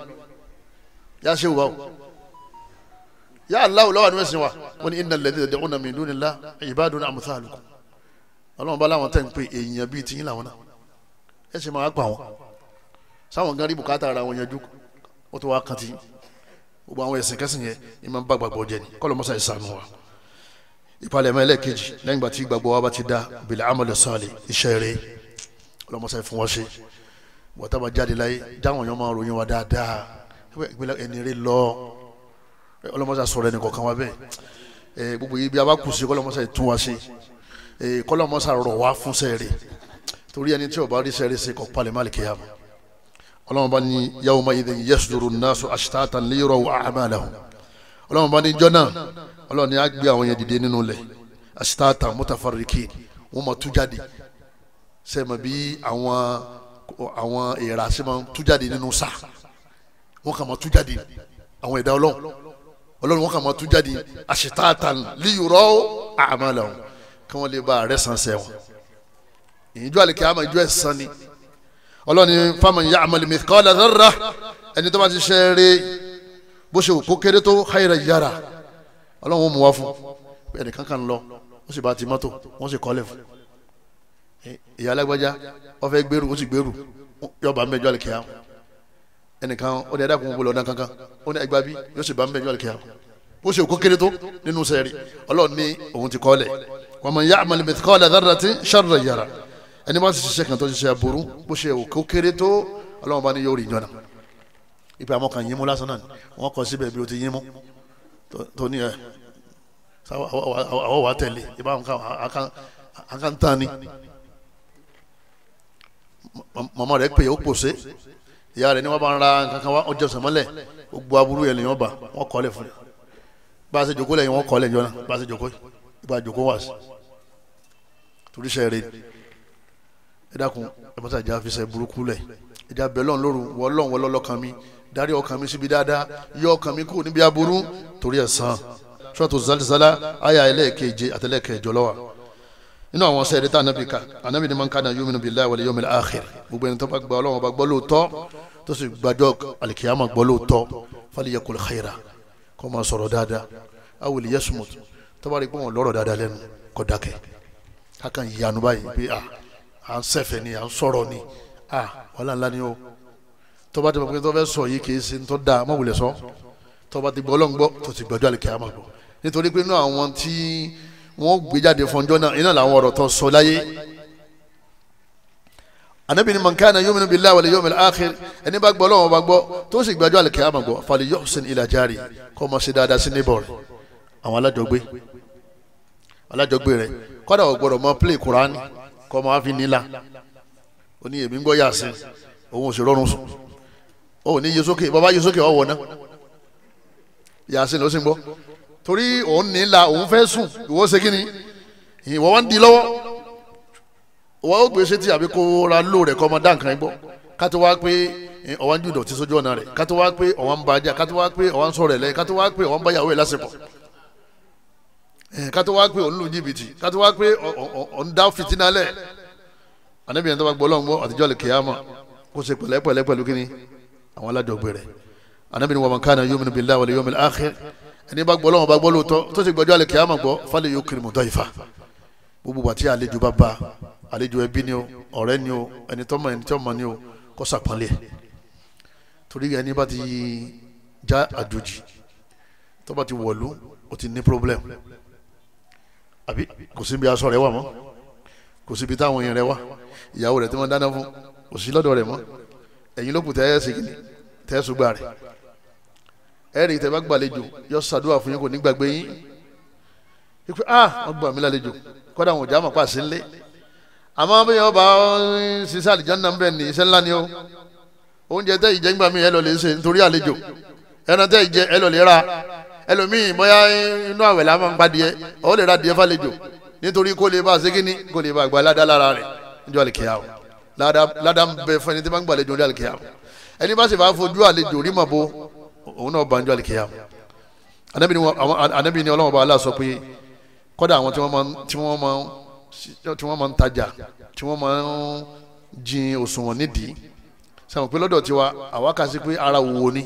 yáa ṣe o ya allah olówó àni ẹ̀sìn wa wọn ni innal ladhina tad'una min dunillahi ibadun amthalukum ọlọ́run bá láwọn tẹ̀ ń pè èèyàn bíi tiyín làwọn ẹ sì máa gbà wọn sáwọn gan rí bùkátà ara wọn yanjú ó tó wá kan ti gbogbo àwọn ẹ̀sìn kẹsìn yẹn ni máa ń bá gbàgbọ́ jẹ ni kọ́ ló mọ́sá ìsànù wa ìpalẹ̀mọ́ ẹlẹ́ẹ̀kejì lẹ́yìn ìgbà tí gbàgbọ́ wa bá ti da bil amal salih iṣẹ́ rẹ̀ ọlọ́mọsá ìfún wa ṣe wọ́tá bá jáde láyé dáwọn èèyàn máa ròyìn wa dáadáa ìpínlẹ̀ ẹni rẹ̀ lọ ọlọ́mọsá sọ̀rọ̀ ẹnì kọ̀ọ̀kan wa bẹ́ẹ̀ gbogbo ibi abákùsí torí ẹni tí ó bá rí sẹ́rí sí kọ́ palẹ̀ má lè kéya mọ́ ọlọ́run bá ní yawma idhin yasduru an-nasu ashtatan liyuraw a'malahum ọlọ́run bá ní jọ́nà ọlọ́run ní á gbé àwọn yẹn dìde nínú lẹ̀ ashtatan mutafarriqin wọ́n máa tú jáde sẹ́mi bí àwọn àwọn èèrà sí máa tú jáde nínú sá wọ́n kà máa tú jáde àwọn ẹ̀dá ọlọ́run ọlọ́run wọ́n kà máa tú jáde ashtatan liyuraw a'malahum kí wọ́n lè bá rẹ̀ sàn ìjọ àlèkè àmọ́ ìjọ ẹ̀san ni ọlọ́ni faman ya'mal mithqala dharra ẹni tó bá ti ṣe eré bó ṣe òkú kéré tó khayran yara ọlọ́run ó mú wá fún ẹnì kankan lọ wọ́n sì bá ti mọ́tò wọ́n sì kọ́lẹ̀ fún ìyá alágbájá wọ́n fẹ́ gbèrú wọ́n sì gbèrú yọba ń bẹ ìjọ àlèkè àmọ́ ẹnìkan ó ní ẹ̀dá kún gbọ́dọ̀ ọ̀dà kankan ó ní ẹgbàá bí yóò sì bá ń bẹ ìjọ àlèkè àmọ́ bó ṣe òkú kéré tó nínú sẹ́ẹ̀rì ọlọ́run ní òun ti kọ́lẹ̀ wa man ya'mal mithqala dharratin sharran ẹni bá ṣiṣẹ́ kan tó ṣiṣẹ́ burú bó ṣe òkè ó kéré tó ọlọ́run bá ní yóò rí ìjọ́nà ipe àwọn kan yín mú lásán náà wọ́n kọ síbẹ̀ bí o ti yín mú tó ní ẹ àwọ̀ wà tẹ̀lé ibà àkàn tán ni màmá rẹ̀ pè é ó pòṣe ìyá rẹ̀ ni wọ́n bá ń ra kankan wá ọjọ́ sọ̀mọ́lẹ̀ gbogbo aburú yẹn lèyàn bá wọ́n kọ́ lẹ̀ fún yẹn bá a ṣe jòkó lẹ́yìn wọ́n kọ́ lẹ̀ jọ́nà bá a ṣe jòkó ìgbà jòkó wà sí torí sẹ́yìn rẹ̀ ni ẹ dákun ẹ mọ́tà ìjà fi sẹ́ burúkú lẹ̀ ìjà bẹ́lọ̀n lóru wọ́lọ́n wọ́lọ́lọ́kan mi darí ọkàn mi síbi dáadáa yọ ọkàn mi kúrò níbi aburú torí ẹ̀san sọ́tò zalizala àyà ẹlẹ́ẹ̀keje àtẹlẹ́kẹjọ lọ́wọ́ nínú àwọn ọ̀sẹ̀ ẹ̀rí tá ànábì ká ànábì ni man kana yuminu billahi wal yawmil akhir gbogbo ẹni tó bá gba Ọlọ́run bá gbọ́ lóòótọ́ tó sì gbàjọ́ alikiyama gbọ́ lóòótọ́ falyaqul khaira kó máa sọ̀rọ̀ dáadáa aw liyasmut tó bá rí pé wọ́n lọ́rọ̀ dáadáa lẹ́nu kó dákẹ́ kákan yanu báyìí pé ah à ń sẹ̀fẹ̀ ni à ń sọ̀rọ̀ ni à wàhálà ńlá ni o tó bá ti mọ̀ pé tó fẹ́ sọ yìí kì í ṣe tó dáa má wulẹ̀ sọ tó bá ti gbọ́ ọlọ́run gbọ́ tó ti gbọ́dọ̀ àlèkè àmọ́ bọ̀ nítorí pé inú àwọn tí wọ́n gbé jáde fọ́njọ́ náà iná làwọn ọ̀rọ̀ tó sọ láyé anabi ni mankana yominu bilahi wale yominu akhir ẹni bá gbọ́ ọlọ́run bá gbọ́ tó sì gbàjọ́ àlèkè àmọ́ gbọ́ fali yọ̀sìn ìlàjárì kọ́ ọmọ sí dáadáa sí níbọ̀ rẹ̀ àwọn alájọgbé alájọgbé rẹ̀ kọ́dà ọ̀gbọ́dọ̀ mọ play Qur'ani kọ́ máa fi o ó ní èmi ń gbọ́ yà sí òun ò sì rọrùn sùn ó ní yé sókè bàbá yé sókè ọ̀wọ̀ náà yà sí ló sì ń gbọ́ torí òun nílà òun fẹ́ sùn ìwọ ṣe kí ni ìwọ wá ń di lọ́wọ́ wọ́n ó gbèsè e tí àbí kó ra lò rẹ̀ kọ́ ọmọ dá nǹkan gbọ́ kátó wá pé ọ̀wá ń jù dọ̀tí sójú ọ̀nà rẹ̀ kátó wá pé ọ̀wá ń bàjá kátó wá pé ọ̀wá ń sọ̀rọ̀ ẹ̀ lẹ́yìn kátó wá pé ọ̀wá ń báyàwó ẹ̀ lásìkò Eh, kátó wá pé òun lù jìbìtì kátó wá pé òun dá fìtínà lẹ̀ anabi yẹn tó bá gbọ́ lọ́wọ́ àtijọ́ lè kíyàmá kó ṣe pẹ̀lẹ́pẹ̀lẹ́ pẹ̀lú kíni àwọn aládọ́gbé rẹ̀ anabi ni wa man kana yu'minu billahi wal yawmil akhir ẹni bá gbọ́ lọ́wọ́ bá gbọ́ lóòótọ́ tó ṣe gbọ́jọ́ lè kíyàmá gbọ́ fálẹ̀ yóò kiri mọ̀tọ́ ìfà gbogbo bàtí àlejò bá ba àlejò ẹbí ni o ọ̀rẹ́ ni o ẹni tó mọ̀ ẹni tó mọ̀ ni o kó sàpọ̀nlẹ̀ torí ẹni bá ti já àjòjì tó bá ti wọ̀lú ó ti ní problem àbí kò síbi aṣọ rẹ wà mọ́ kò síbi táwọn èèyàn rẹ wà ìyàwó rẹ tí wọ́n dáná fún kò sí lọ́dọ̀ rẹ mọ́ ẹ̀yin ló kù tẹ́ ẹ̀ sìgìnì tẹ́ ẹ̀ sùgbà rẹ̀ ẹ̀rì tẹ́ bá gbàlejò yọ sàdúrà fún yín kò ní gbàgbé yín ipe ah wọ́n gbà mí lálejò kọ́dà wọn ò já mọ̀ pa sí nlé àmọ́ bí yẹn bá ṣiṣẹ́ àlìjáná bẹ́ẹ̀ ni iṣẹ́ ńlá ni o oúnjẹ tẹ́ ìjẹ́ ńgbà mí ẹ lọ lè ṣe nítorí àlejò ẹran tẹ́ ìjẹ́ ẹ lọ lè ra ẹlòmíì bóyá inú àwẹ̀ la máa ń gbadìẹ ó lè ra diẹ fàlejò nítorí kó lè bá a ségin ní kó lè bá a gba ládá lára rẹ̀ níjọ́ àlìkìyà o ládá ń bẹ fún ẹni tí wọ́n gbàlejò ní àlìkìyà o ẹni bá sì bá fojú àlejò rí màbo òun náà bá níjọ́ àlìkìyà o anabi ni ọlọ́wọ́n bá aláà sọ pé kọ́dà àwọn tí wọ́n máa ń tajà tí wọ́n máa ń jin òṣùwọ̀n nídìí sàmùpé lọ́dọ̀ tiwa àwa kà sí pé ara òwò ni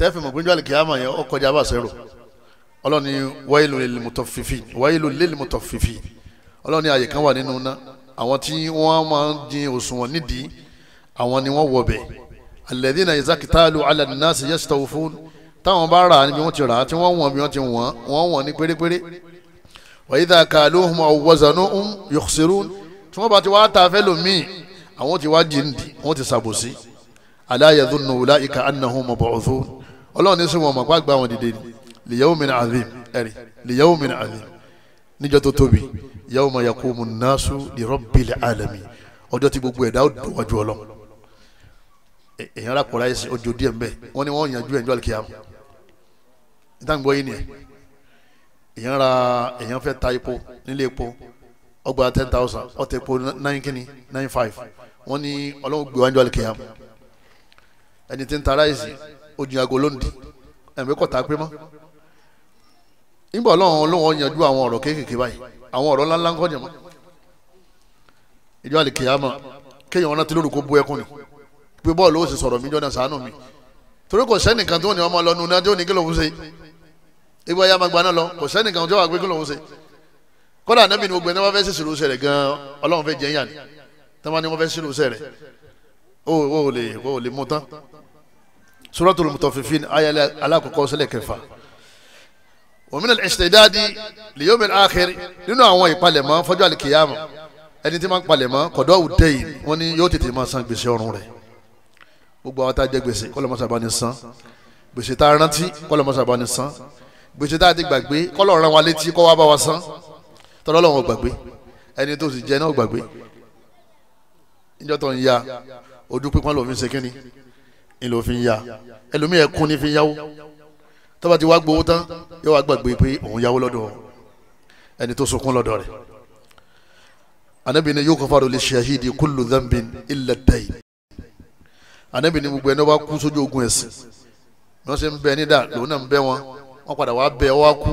tẹ́ẹ̀fì mọ̀gbẹ́njọ́ àlìkìyàmọ̀ yẹn ó kọjá bá sẹ́rò ọlọ́ni wáyélu lèlìmùtọ̀fífì wáyélu lèlìmùtọ̀fífì ọlọ́ni àyè kan wà nínú ná àwọn tí wọ́n máa ń dín òṣùwọ̀n nídìí àwọn ni wọ́n wọ̀ bẹ̀ alladhina iza qitalu ala nnasi yastawfun táwọn bá rà níbi wọ́n ti rà tí wọ́n wọ̀n bí wọ́n ti wọ̀n wọ́n wọ̀n ní pérépéré wa iza kaluhum aw wazanuhum yukhsirun tí wọ́n bá ti wá ta fẹ́ àwọn ti wá jìndì wọ́n ti ṣàbòsí ala yadhunnu ulaika annahum mab'uthun ọlọ́run ní sún wọn mọ̀ pàgbà wọn dìde ni liyawmin azim ẹ̀rí liyawmin azim níjọ́ tó tóbi yawma yaqumu nnasu li rabbil alamin ọjọ́ tí gbogbo ẹ̀dá òdòwájú ọlọ́run èèyàn alákọ̀ọ́lá yẹn sí ọjọ́ díẹ̀ mbẹ́ wọ́n ní wọ́n yànjú ẹ̀jọ́ àlùkìyàm nítaǹgbọ́ yìí ni ẹ̀ èèyàn ra èèyàn fẹ́ ta epo nílé epo ọgbà ten thousand ọtẹ epo nine kínní nine five wọ́n ní ọlọ́run gbé wájú àlùkìyàm ẹni tí ń ta ráìsì òjìyàn àgọ́ lónìí ẹ̀mí kọ̀tà pé mọ́ nígbà ọlọ́run ọlọ́run yanjú àwọn ọ̀rọ̀ kéékèèké báyìí àwọn ọ̀rọ̀ ńláńlá ń kọ́ jẹ̀mọ́ ìjọ àlìkèyàmọ kéèyàn ọ̀nà tí lórúkọ bú ẹkún ni pé bọ́ọ̀lù ó sì sọ̀rọ̀ mí jọ́nà sànú mi torí kò sẹ́nìkan tó ní ọmọ lọ nùnà tí ó ní kí lóun ṣe ibà yà máa gba náà lọ kò sẹ́nìkan tó wà pé kí lóun ṣe kódà anábì ni gbogbo ẹni wọn fẹ́ sí sùrù sẹ̀rẹ̀ gan ọlọ́run fẹ́ jẹ́yàn ni tí wọ́n ní wọ́n fẹ́ sí sùrù sẹ̀rẹ̀ ó lè mú tán سورة المطففين آية على قوس kẹfà ومن ìṣẹ̀dáàdì ليوم الآخر nínú àwọn ìpalẹ̀mọ́ fọjọ́ àlìkìyàmù ẹni tí máa ń palẹ̀mọ́ kọ̀dọ̀ òdẹ́yìn wọn ni yóò tètè máa san gbèsè ọrùn rẹ̀ gbogbo àwọn tá a jẹ gbèsè kọ́lọ́mọ́sàbá ni san gbèsè tá a rántí kọ́lọ́mọ́sàbá ni san gbèsè tá a ti gbàgbé kọ́lọ́ ran wa létí kọ́ wa bá wa san tọ́lọ́lọ́wọ́n gbàgbé ẹni tó sì jẹ náà gbàgbé níjọ́ tó ń ya ojú pípọ́n lòun fi ṣe kínni ńlọ fi ń ya ẹlòmíì ẹkún ní fi ń yáwó tó bá ti wá gbowó tán yóò wá gbàgbé pé òun yáwó lọ́dọ̀ ẹni tó sunkún lọ́dọ̀ rẹ̀ anabi ni yughfaru li shahidi kullu dhanbin illa ad-dayn anabi ni gbogbo ẹni wọ́n bá kú sójú ogun ẹ̀sìn wọ́n sì ń bẹ nídà lòun náà ń bẹ wọn wọ́n padà wá bẹ ọwọ́ kú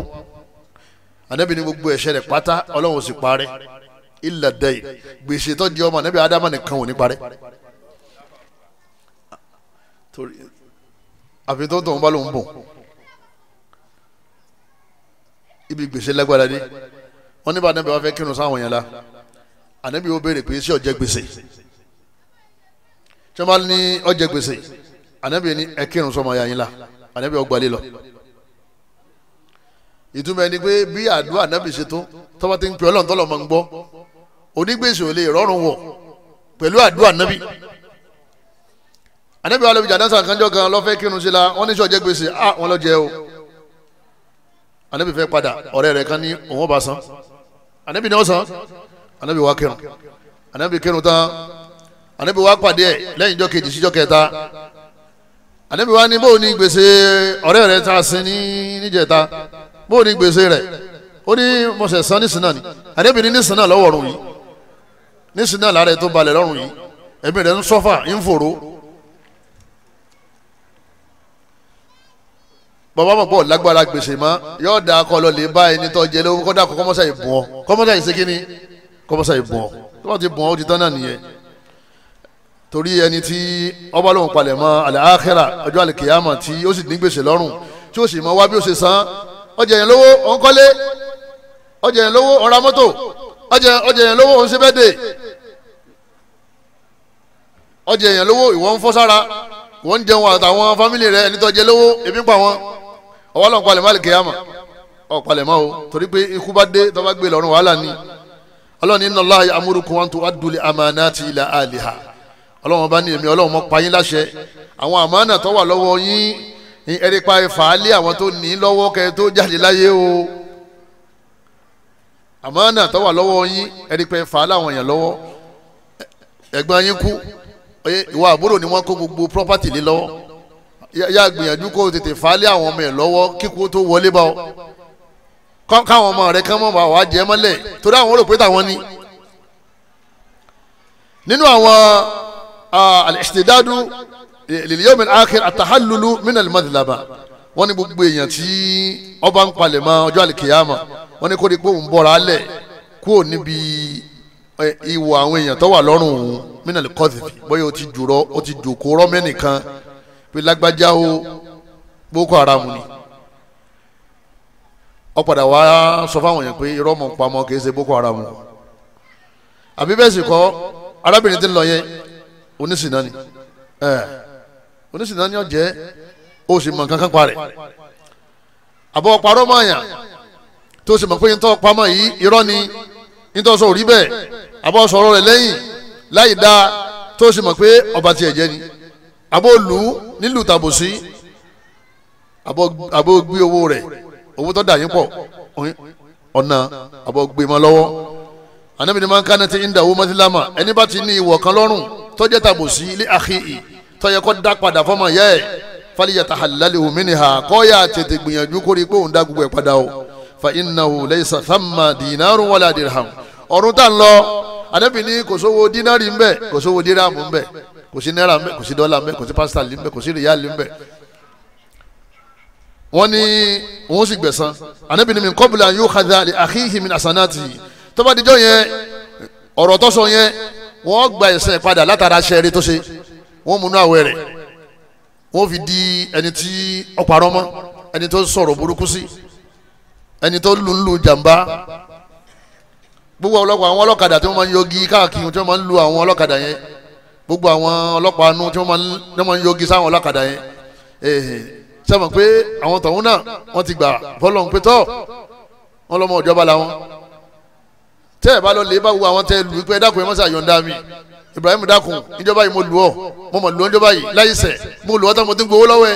anabi gbogbo ẹ̀ṣẹ̀ rẹ̀ pátá ọlọ́run sì parẹ́ illa ad gbèsè tó di ọmọ anabi adama nìkan ò ní parẹ́ àfi tó tó ń bá ló ń bọ̀ ibi gbèsè lágbára dé wọn níbà anábì wá fẹ́ kírun sáwọn yẹn la anábì ó béèrè pé ṣé ọ̀jẹ̀ gbèsè tí wọ́n bá ní ọ̀jẹ̀ gbèsè anábì ní ẹ kírun sọmọ ya yín la anábì ó gbalé lọ ìtumọ̀ ẹni pé bí àdúrà anábì ṣe tó tọ́ba ti ń pè ọlọ́run tọ́lọ́ máa ń gbọ́ onígbèsè ò lè rọrùn wọ̀ pẹ̀lú àdúrà anábì anabi wa alebi jadansa kanjọ kan lọfẹ kírun sí la wọn ní sọ jẹ gbèsè a wọn lọ jẹ o anabi fẹ́ padà ọ̀rẹ́ rẹ̀ kan ní òun bá san anabi ní ó san anabi wa kírun anabi kírun tán anabi wa pàdé ẹ lẹ́yìn jọ kejì síjọ kẹta anabi wa ní bóun ní gbèsè ọ̀rẹ́ rẹ̀ ta sin ní níjẹta bóun ní gbèsè rẹ̀ ó ní mọ̀sẹ̀ san ní sinna ni anabi ní ní sinna lọ́wọ́ ọ̀run yìí ní sinna lára ẹ̀ tó balẹ̀ lọ́rùn yìí ẹ̀mí rẹ̀ ń sọ́fà ń fòrò. bàbá mọ̀ pọ̀ lágbára gbèsè mọ́ yóò da akọ lọ lè bá ẹni tó jẹ lówó kọ́dà kọ́mọ́sà yìí bùn ọ́ kọ́mọ́sà yìí segin ni kọ́mọ́sà yìí bùn ọ́ tó bá ti bùn ọ́ ó ti tán náà nìyẹn torí ẹni tí ọba lòun palẹ̀ mọ́ àlàáhẹ́rà ọjọ́ àlìkèyàmọ̀ tí ó sì ní gbèsè lọ́rùn tí ó sì mọ wá bí ó ṣe san ọjà yẹn lówó òun kọ́lé ọjà yẹn lówó òun ra mọ́tò ọjà yẹn lówó òun ṣe bẹ́ẹ̀ dè ọjà yẹn lówó ọwọ́ lọ́n palẹ̀ máàlì kìyàmà ọ̀ palẹ̀ máa o torí pé ikú bá dé tó bá gbé lọ́rùn wàhálà ni ọlọ́run inna Allaha ya'murukum an tu'addu al-amanati ila ahliha ọlọ́run bá ní èmi ọlọ́run mọ́ pa yín láṣẹ àwọn àmánà tó wà lọ́wọ́ yín ẹ̀rí pa ìfàálẹ̀ àwọn tó ní lọ́wọ́ kẹ́ tó jáde láyé o àmánà tó wà lọ́wọ́ yín ẹ̀rí pa ìfàálẹ̀ àwọn èèyàn lọ́wọ́ ẹ̀gbọ́n yín kú ìwà àbúrò ni wọ́n kó gbogbo property lé lọ́wọ́ yá gbìyànjú kó o tètè falẹ̀ àwọn ọmọ ẹ̀ lọ́wọ́ kíkó tó wọlé bá ọ káwọn ọmọ rẹ kán mọ̀ bá wàá jẹ mọ́lẹ̀ torí àwọn rò pé táwọn ni. nínú àwọn al-istidadu lil-yawm al-akhir at-tahallulu min al-madhlaba wọ́n ní gbogbo èèyàn tí ọba ń palẹ̀ mọ́ ọjọ́ àlìkèyàmà wọ́n ní kó di pé òun bọ̀ra alẹ̀ kúrò níbi ìwọ àwọn èèyàn tó wà lọ́rùn òun min al pé lágbájá o boko haram ni ó padà wá sọ fáwọn yẹn pé irọ́ mọ̀ pamọ́ kì í ṣe boko haram àbí bẹ́ẹ̀ sì kọ́ arábìnrin tí ń lọ yẹn onísìnà ni onísìnà ni ọ̀jẹ́ ó sì mọ̀ kankan parẹ̀ àbọ̀ parọ́ mọ̀ àyàn tó sì mọ̀ pé ń tọ́ pamọ́ yìí irọ́ ni ń tọ́ sọ òrí bẹ́ẹ̀ àbọ̀ sọ̀rọ̀ rẹ̀ lẹ́yìn láì dáa tó sì mọ̀ pé ọba tiẹ̀ jẹ́ ni àbó lù ú nílùú tàbòsí àbó gbé owó rẹ̀ owó tó dà yín pọ̀ ọ̀nà àbó gbé mọ́ lọ́wọ́ anabi ni man kana ti inda wuma silama ẹni bá ti ní ìwọ̀ kan lọ́rùn tó jẹ́ tàbòsí li akhihi tó yẹ kó dá padà fọ́mọ yẹ ẹ̀ fàlìyàtà halali minha kó yà tètè gbìyànjú kó rí i pé òun dá gbogbo ẹ̀ padà o fa innahu laysa thamma dinarun wala dirham ọ̀run tá ń lọ anabi ni kò sówó dínárì ń bẹ kò sówó ń bẹ kò sí náírà ńbẹ kò sí dọ́là ńbẹ kò sí pásítà lì ńbẹ kò sí rìyálì ńbẹ wọ́n ní wọ́n sì gbẹ̀san anabi ni min qabla yóò xadà li akhihi min asanati tó bá dijọ́ yẹn ọ̀rọ̀ tó sọ yẹn wọ́n gba ẹ̀ṣẹ̀ padà látara sẹ́ẹ̀rì tó ṣe wọ́n múnú àwẹ̀ rẹ̀ wọ́n fi di ẹni tí ọ̀parọ́ mọ́ ẹni tó sọ̀rọ̀ burúkú sí ẹni tó lù ń lu jàmbá gbogbo ọlọ́kọ̀ àwọn ọlọ́kadà tí wọ́n máa ń yọgi káàkiri tí wọ́n máa ń lu àwọn ọlọ́kadà yẹn gbogbo àwọn ọlọ́pàá inú tí wọ́n máa ń yọgi sáwọn ọlọ́kadà yẹn sẹ́wọ̀n pé àwọn tọ̀hún náà wọ́n ti gbà fọlọ́ ń pé tọ́ wọ́n lọ́mọ ìjọba làwọn tẹ́ ẹ̀ bá lọ lè bá wo àwọn tẹ́ ẹ lù ú pé ẹ dákun ẹ mọ́sá yọ̀ǹda mi Ibrahim dákun ìjọba yìí mo lù ọ́ mo mọ̀ lù ọ́ ìjọba yìí láyìísẹ̀ mo lù ọ́ tán mo ti ń gbowó lọ́wọ́ ẹ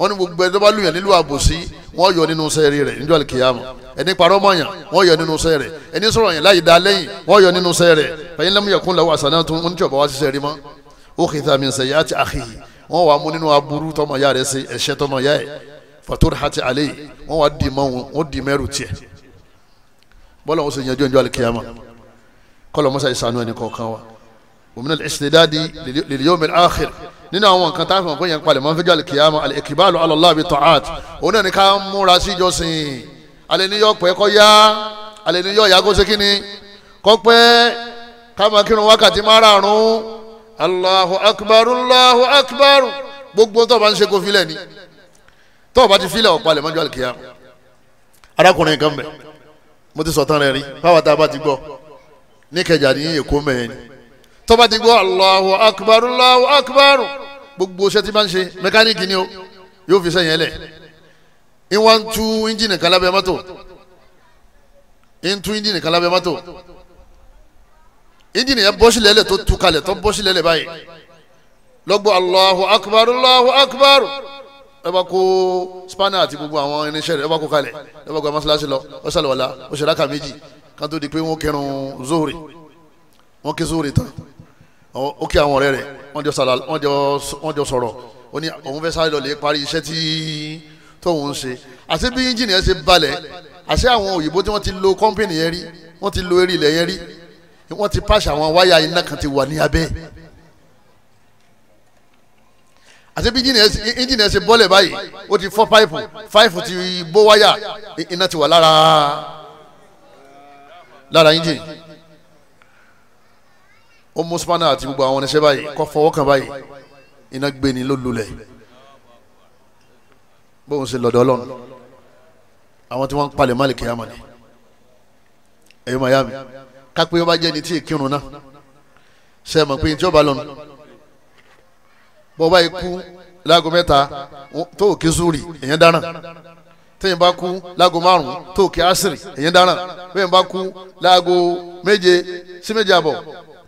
wọ́n ní gbogbo ẹni tó bá lùyàn nílùú àbòsí wọ́n yọ nínú sẹ́ẹ̀rì rẹ̀ níjọ́ àlìkìyàmù ẹni parọ́ mọ̀yàn wọ́n yọ nínú sẹ́ẹ̀rì ẹni sọ̀rọ̀ yàn láyìí dá lẹ́yìn wọ́n yọ nínú sẹ́ẹ̀rì fẹ̀yìn lẹ́mú yẹ̀kún làwọn àṣàná tún ń tíọ̀bà wá sí sẹ́ẹ̀rì mọ́ ó kì í ta min sayyati akhihi wọ́n wà mú nínú aburú tọmọ ya rẹ̀ sí ẹ̀ṣẹ̀ tọmọ ya ẹ̀ fatur hati alayhi wọ́n wà dì mọ́ wọn dì mẹ́rù tiẹ̀ bọ́lá wọn sì yànjú nínú àwọn nǹkan tá a fi mọ̀ pé yẹn palẹ̀ mọ́ fẹ́jọ́ alikiyama alikibalu alọ́lá bi tọ́hát òun náà ni ká múra sí ìjọsìn alẹ́ ní yọ pẹ́ kọ́ yá alẹ́ ní yọ yá kó ṣe kí ni kọ́ pẹ́ ká máa kírun wákàtí márààrún Allahu akbar Allahu akbar gbogbo tó o bá ń ṣe filẹ̀ ni tó o bá ti filẹ̀ ọ̀ mọ́jọ́ alikiyama arákùnrin kan bẹ̀ mo ti sọ̀tàn rẹ̀ rí báwa tá a bá ti gbọ́ ní kẹjà ní èkó mẹ́rin tó bá ti gbọ́ Allahu akbar Allahu akbar gbogbo iṣẹ́ tí máa ń ṣe mẹkáníìkì ni o yóò fi sẹ́yìn ẹlẹ̀ ìwọ́n ń tú ẹ́ńjìnì kan lábẹ́ mọ́tò ń tú ẹ́ńjìnì kan lábẹ́ mọ́tò ẹ́ńjìnì yẹn bọ́sí lẹ́lẹ̀ tó tú kalẹ̀ tó bọ́sí lẹ́lẹ̀ báyìí lọ́gbọ́ Allahu akbar Allahu akbar ẹ bá kó spanner àti gbogbo àwọn irinṣẹ́ rẹ̀ ẹ bá kó kalẹ̀ ẹ bá kó amasalasi lọ ọ sàlùwàlà ó ṣe ráka méjì kan tó di pé wọ́n kírun zohori wọ́n kí zohori tán ó kí àwọn ọ̀rẹ́ rẹ̀ wọ́n jọ sàlà wọ́n jọ sọ̀rọ̀ ó ní òun fẹ́ sáré lọ lè parí iṣẹ́ tí tóun ń ṣe àti bí engine yẹn ṣe balẹ̀ àti àwọn òyìnbó tí wọ́n ti lo company yẹn rí wọ́n ti lo eré ilẹ̀ yẹn rí wọ́n ti pàṣẹ àwọn wáyà iná kan ti wà ní abẹ́ àti bí engine yẹn ṣe bọ́lẹ̀ báyìí ó ti fọ́ páìpù páìpù ti bó wáyà iná ti wà lára lára engine ó mú spanner àti gbogbo àwọn oníṣẹ́ báyìí kọ́ fọwọ́ kan báyìí iná gbé ni ló lulẹ̀ bóun ṣe lọ́dọ̀ ọlọ́run àwọn tí wọ́n ń palẹ̀ máàlì kìyàmọ̀ ni ẹ̀yọ́ màyà mi kápẹ́ ọba jẹ́ ni tí ìkírun náà ṣe mọ̀ pé tí ọba lọ́nu bọ́ba ikú láago mẹ́ta tó òkè zuri èyàn dáràn tẹ́yìn bá kú láago márùn-ún tó òkè asiri èyàn dáràn bẹ́ẹ̀ bá kú láago méje sí méje àbọ̀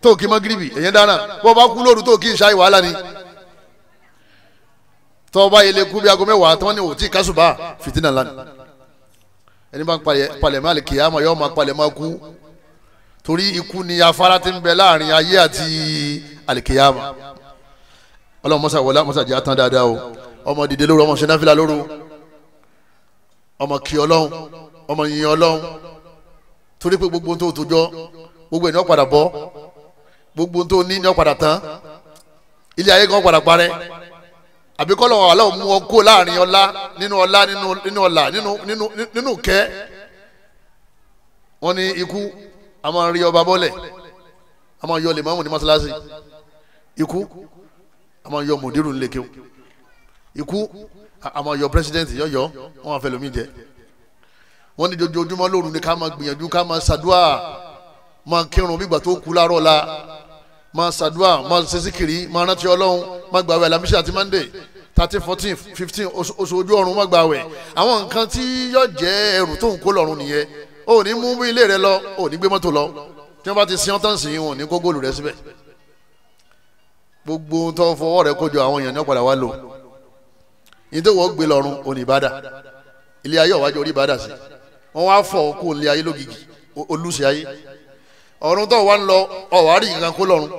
tó kí magiribi èyàn dáná bó bá kú lóru tó kí ìṣá ìwàhálà ni tó bá ilé kú bí aago mẹ́wàá tán ni ò tí kásùbà fìtínà lánàá ẹni bá ń palẹ̀mọ́ àlìkìyàmọ̀ yóò máa palẹ̀mọ́ kú torí ikú ni afárá tí ń bẹ láàrin ayé àti àlìkìyàmọ̀ ọlọ́run mọ́sá wọlé mọ́sá jẹ́ àtàn dáadáa o ọmọ dìde lóru ọmọ ṣẹ́náfìlà lóru ọmọ kí ọlọ́run ọmọ yìn ọlọ́run torí pé gbogbo tó tó jọ gbogbo ènìyàn padà bọ́ gbogbo tó ní ní ọ̀padà tán ilé ayé kan padà parẹ́ àbí kọ́ lọ́wọ́ aláwọ̀ mú ọ kó láàrin ọlá nínú ọlá nínú ọlá nínú kẹ́ wọ́n ní ikú a máa rí ọba bọ́lẹ̀ a máa yọ lè mọ́mù ní mọ́sálásí ikú a máa yọ mòdìrú ńlẹ̀kẹ́ ikú a máa yọ pírẹsidẹ́ǹtì yọ̀yọ́ wọn àfẹ́ lómi jẹ wọ́n ní dojoojúmọ́ lóru ni ká máa gbìyànjú ká máa ṣàdúrà máa kírun bí ìgbà tó kú láàárọ̀ la máa ṣàdúrà máa ṣe síkìrì máa rántí ọlọ́run máa gbàwẹ̀ alamisa àti monday thirteen fourteen fifteen oṣù ojú ọ̀run máa gbàwẹ̀ àwọn nǹkan tí yóò jẹ́ ẹrù tó ń kó lọ́rùn nìyẹn ò ní mú ilé rẹ lọ ò ní gbé mọ́tò lọ tí wọ́n bá ti sin ọ́tàn sìn wọn ní kó góòlù rẹ síbẹ̀ gbogbo tó fọwọ́ rẹ kójọ àwọn èèyàn ní ọ̀padà wá lò ìdíwọ̀ gbé lọ́rùn òní ìbàdà ilé ayé ọ̀wájú orí ìbàdà sí wọ́n wá fọ̀ kó ilé ayé lógìgì olùsí ayé ọ̀run tó wà ń lọ ọ̀wárí kankan kó lọ́run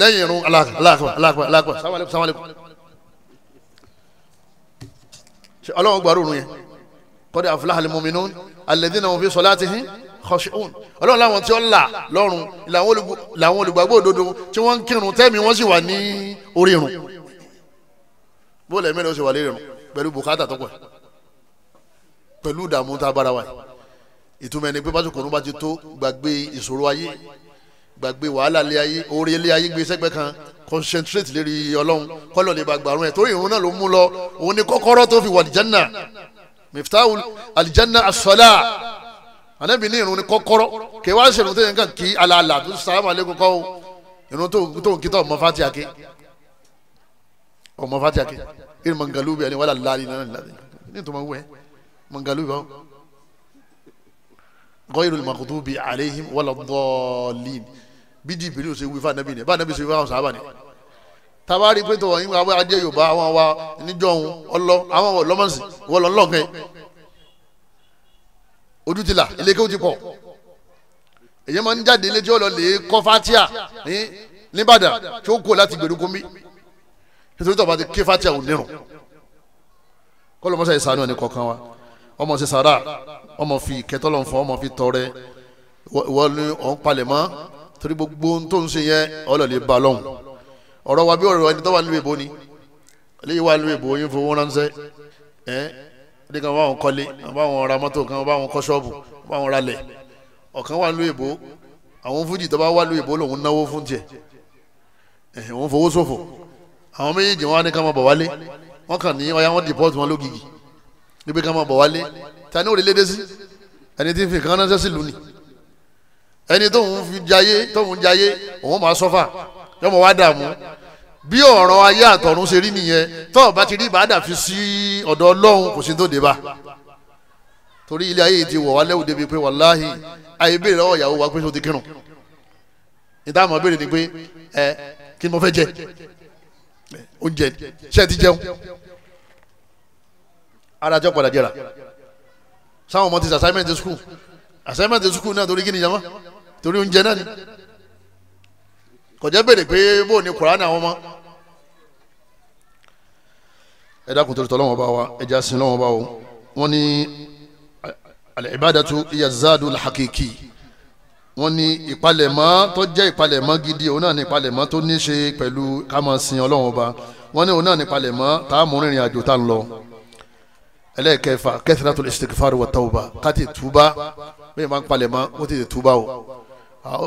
lẹ́yìn irun aláàkùbà aláàkùbà aláàkùbà sáwálẹ̀kùn ọlọ́run gbàrú òrun yẹn kọ́dé aflahal mu'minun alladhina hum fi salatihim khashi'un ọlọ́run láwọn tí ó là lọ́run làwọn olùgbàgbọ́ òdodo tí wọ́n ń kírun tẹ́mi wọ́n sì wà ní orí irun bó lẹ́mìíràn ó sì wà lérí irun pẹ̀lú bùkátà tó pẹ̀ pẹ̀lú ìdààmú tá a bára wa ìtumọ̀ ẹni pé pásítọ̀ kòrónú bá ti tó gbàgbé ìṣòro ayé gbàgbé wàhálà lé ayé oore lé ayé gbé sẹ́gbẹ́ kan concentrate lérí ọlọ́run kọ́lọ̀ lè ba gbàrún ẹ̀ torí ìrún náà ló mú lọ òun ni kọ́kọ́rọ́ tó fi wà àlìjánà miftahu àlìjánà as-salah ànábì ní ìrún ni kọ́kọ́rọ́ kì í wá ṣe ìrún tó yẹn kàn kí alaala tó sàlámù aleykum kọ́ ìrún tó ń kí tó ọmọ fati ake ọmọ fati ake ìrún mangalubi ẹni wàhálà láàrin náà nítorí wọn mangalubi ọ̀hún ghayril maghdubi alayhim waladdallin bí jìbìrì ò ṣe wí fún anabi ni bá anabi ṣe wí fún àwọn sábà ni tabari pé tọwọ yín wàá jẹ yorùbá àwọn wa níjọhún ọlọ àwọn ọlọmọsìn wọlọ ńlọkẹ ojú ti là iléeké ti pọ èyí máa ń jáde ilé tí ó lọ lè kọ́ fatia ní nìbàdàn tí ó kó láti gbèrú kómi nítorí tọ́ba ti ké fatia ò nírun kọ́ ló mọ́sá ìsànú ẹni kọ̀ọ̀kan wa ọmọ ṣe sàrà ọmọ fi ìkẹtọ́lọ̀ fún ọmọ fi tọrẹ ìwọ ni ọ̀n palẹ̀ mọ́ torí gbogbo ohun tó ń ṣe yẹn ọlọ́ọ̀lẹ́ bá lọ́hùn ọ̀rọ̀ wa bí ọ̀rọ̀ ẹni tó wà nílùú èbó ni eléyìí wà nílùú èbó yín fowó ránṣẹ́ ẹ ní kan bá wọn kọ́lé bá wọn ra mọ́tò kan bá wọn kọ́ ṣọ́ọ̀bù bá wọn ralẹ̀ ọ̀kan wà nílùú èbó àwọn fújì tó bá wà nílùú èbó lòun náwó fún tiẹ̀ òun fowó ṣòfò àwọn méjèèjì wọn á ní ká máa bọ̀ wálé wọn kàn ní ọya wọn dìpọ́ọ̀tì wọn lógìgì ibi kan máa bọ̀ wálé ta ni ó lè léde sí ẹni tí ń fi kan ránṣẹ́ sí lónìí ẹni tóun fi jayé tóun jayé òun máa sọ́fà yọmọ wá dààmú bí ọ̀ràn ayé àtọ̀run ṣe rí nìyẹn tó o bá ti rí ìbáàdà fi sí ọ̀dọ̀ ọlọ́run kò sí tó dé bá torí ilé ayé ti wọ̀ wálé òde bíi pé wàláhì ayé béèrè lọ́wọ́ ìyàwó wa pé ṣó ti kírun níta àmọ́ béèrè ni pé ẹ kí ni mo fẹ́ jẹ oúnjẹ ṣé ẹ ti jẹun ara jọ padà jẹrà sáwọn ọmọ ti sà assignment school assignment school náà torí kí ni jama torí oúnjẹ náà ni kọjá béèrè pé bó ni kùránì àwọn ọmọ ẹ dákun torí tọ́lọ́wọ́n bá wa ẹ jẹ́ àsìn lọ́wọ́n bá wa wọ́n ní al-ibadatu iya zadu al-hakiki wọ́n ní ìpalẹ̀mọ́ tó jẹ́ ìpalẹ̀mọ́ gidi òun náà ní ìpalẹ̀mọ́ tó ní ṣe pẹ̀lú ká máa sin Ọlọ́run ọba wọ́n ní òun náà ní ìpalẹ̀mọ́ tá a mú rìnrìn àjò tá a lọ ẹlẹ́ẹ̀kẹfà kẹsìrátù istikfar wa tawba káti túbá bẹ́ẹ̀ máa ń palẹ̀ mọ́ ó ti túbá o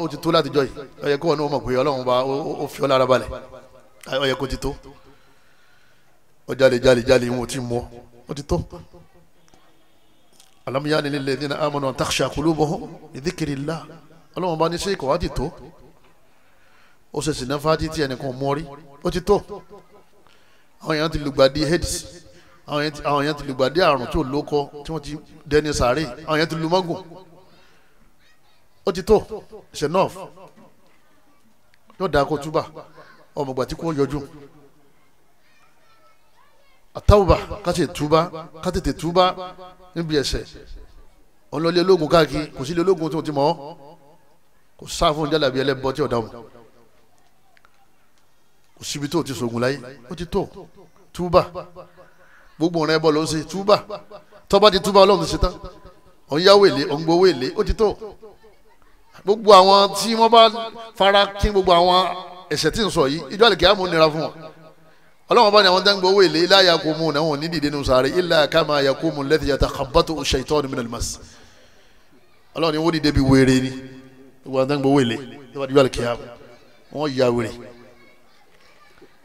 ó ti tó láti jọ yìí ó yẹ kó wọn ní wọn mọ̀ pé ọlọ́run bá ó fi ọ́ lára balẹ̀ ó yẹ kó ti tó ó jáde jáde jáde wọn ò ti mú ó ti tó. alam yani lil ladhina amanu an takhsha qulubuhum li dhikrillah ọlọ́run bá ní sí ikọ̀ wá ti tó ó ṣe sì náfà títí ẹnìkan mọ́rí ó ti tó àwọn èèyàn ti lùgbàdì aids àwọn yẹn ti lùgbàdì àrùn tí ò lókọ tí wọ́n ti dẹni sàárè àwọn yẹn ti lu mọ́gùn ó ti tó senof yóò dáa kó túbà ọmọgbà tí kò yọjú àtàwùbà kátì túbà kátì tè túbà níbi ẹ̀ṣẹ̀ ọlọlẹ ológun káàkiri kò sí ilé ológun tó ti mọ kò sáfún jálàbí ẹlẹbọ tí ọdà wọn kò síbi tó ti sògùn láyé ó ti tó túbà gbogbo rẹ bọ́ ló ń ṣe túbà tọ́ba ti túbà ọlọ́run ṣe tán òun yáwó èlé òun gbowó èlé ó ti tó gbogbo àwọn tí wọ́n bá fara kí gbogbo àwọn ẹ̀ṣẹ̀ tí ń sọ yìí ìjọ àlèkè àmú nira fún wọn ọlọ́run bá ní àwọn dáńgbò owó èlé ilá ayako mu náà wọn ní dìde nù sáré ilá kama ayako mu lẹ́tì yàtà kàbátò ṣètò ọ̀nà mìíràn mas ọlọ́run ni wọ́n dìde bí wéré ni gbogbo àwọn dáńgbò owó èlé ìjọ àlèkè àmú wọ́n yà wèrè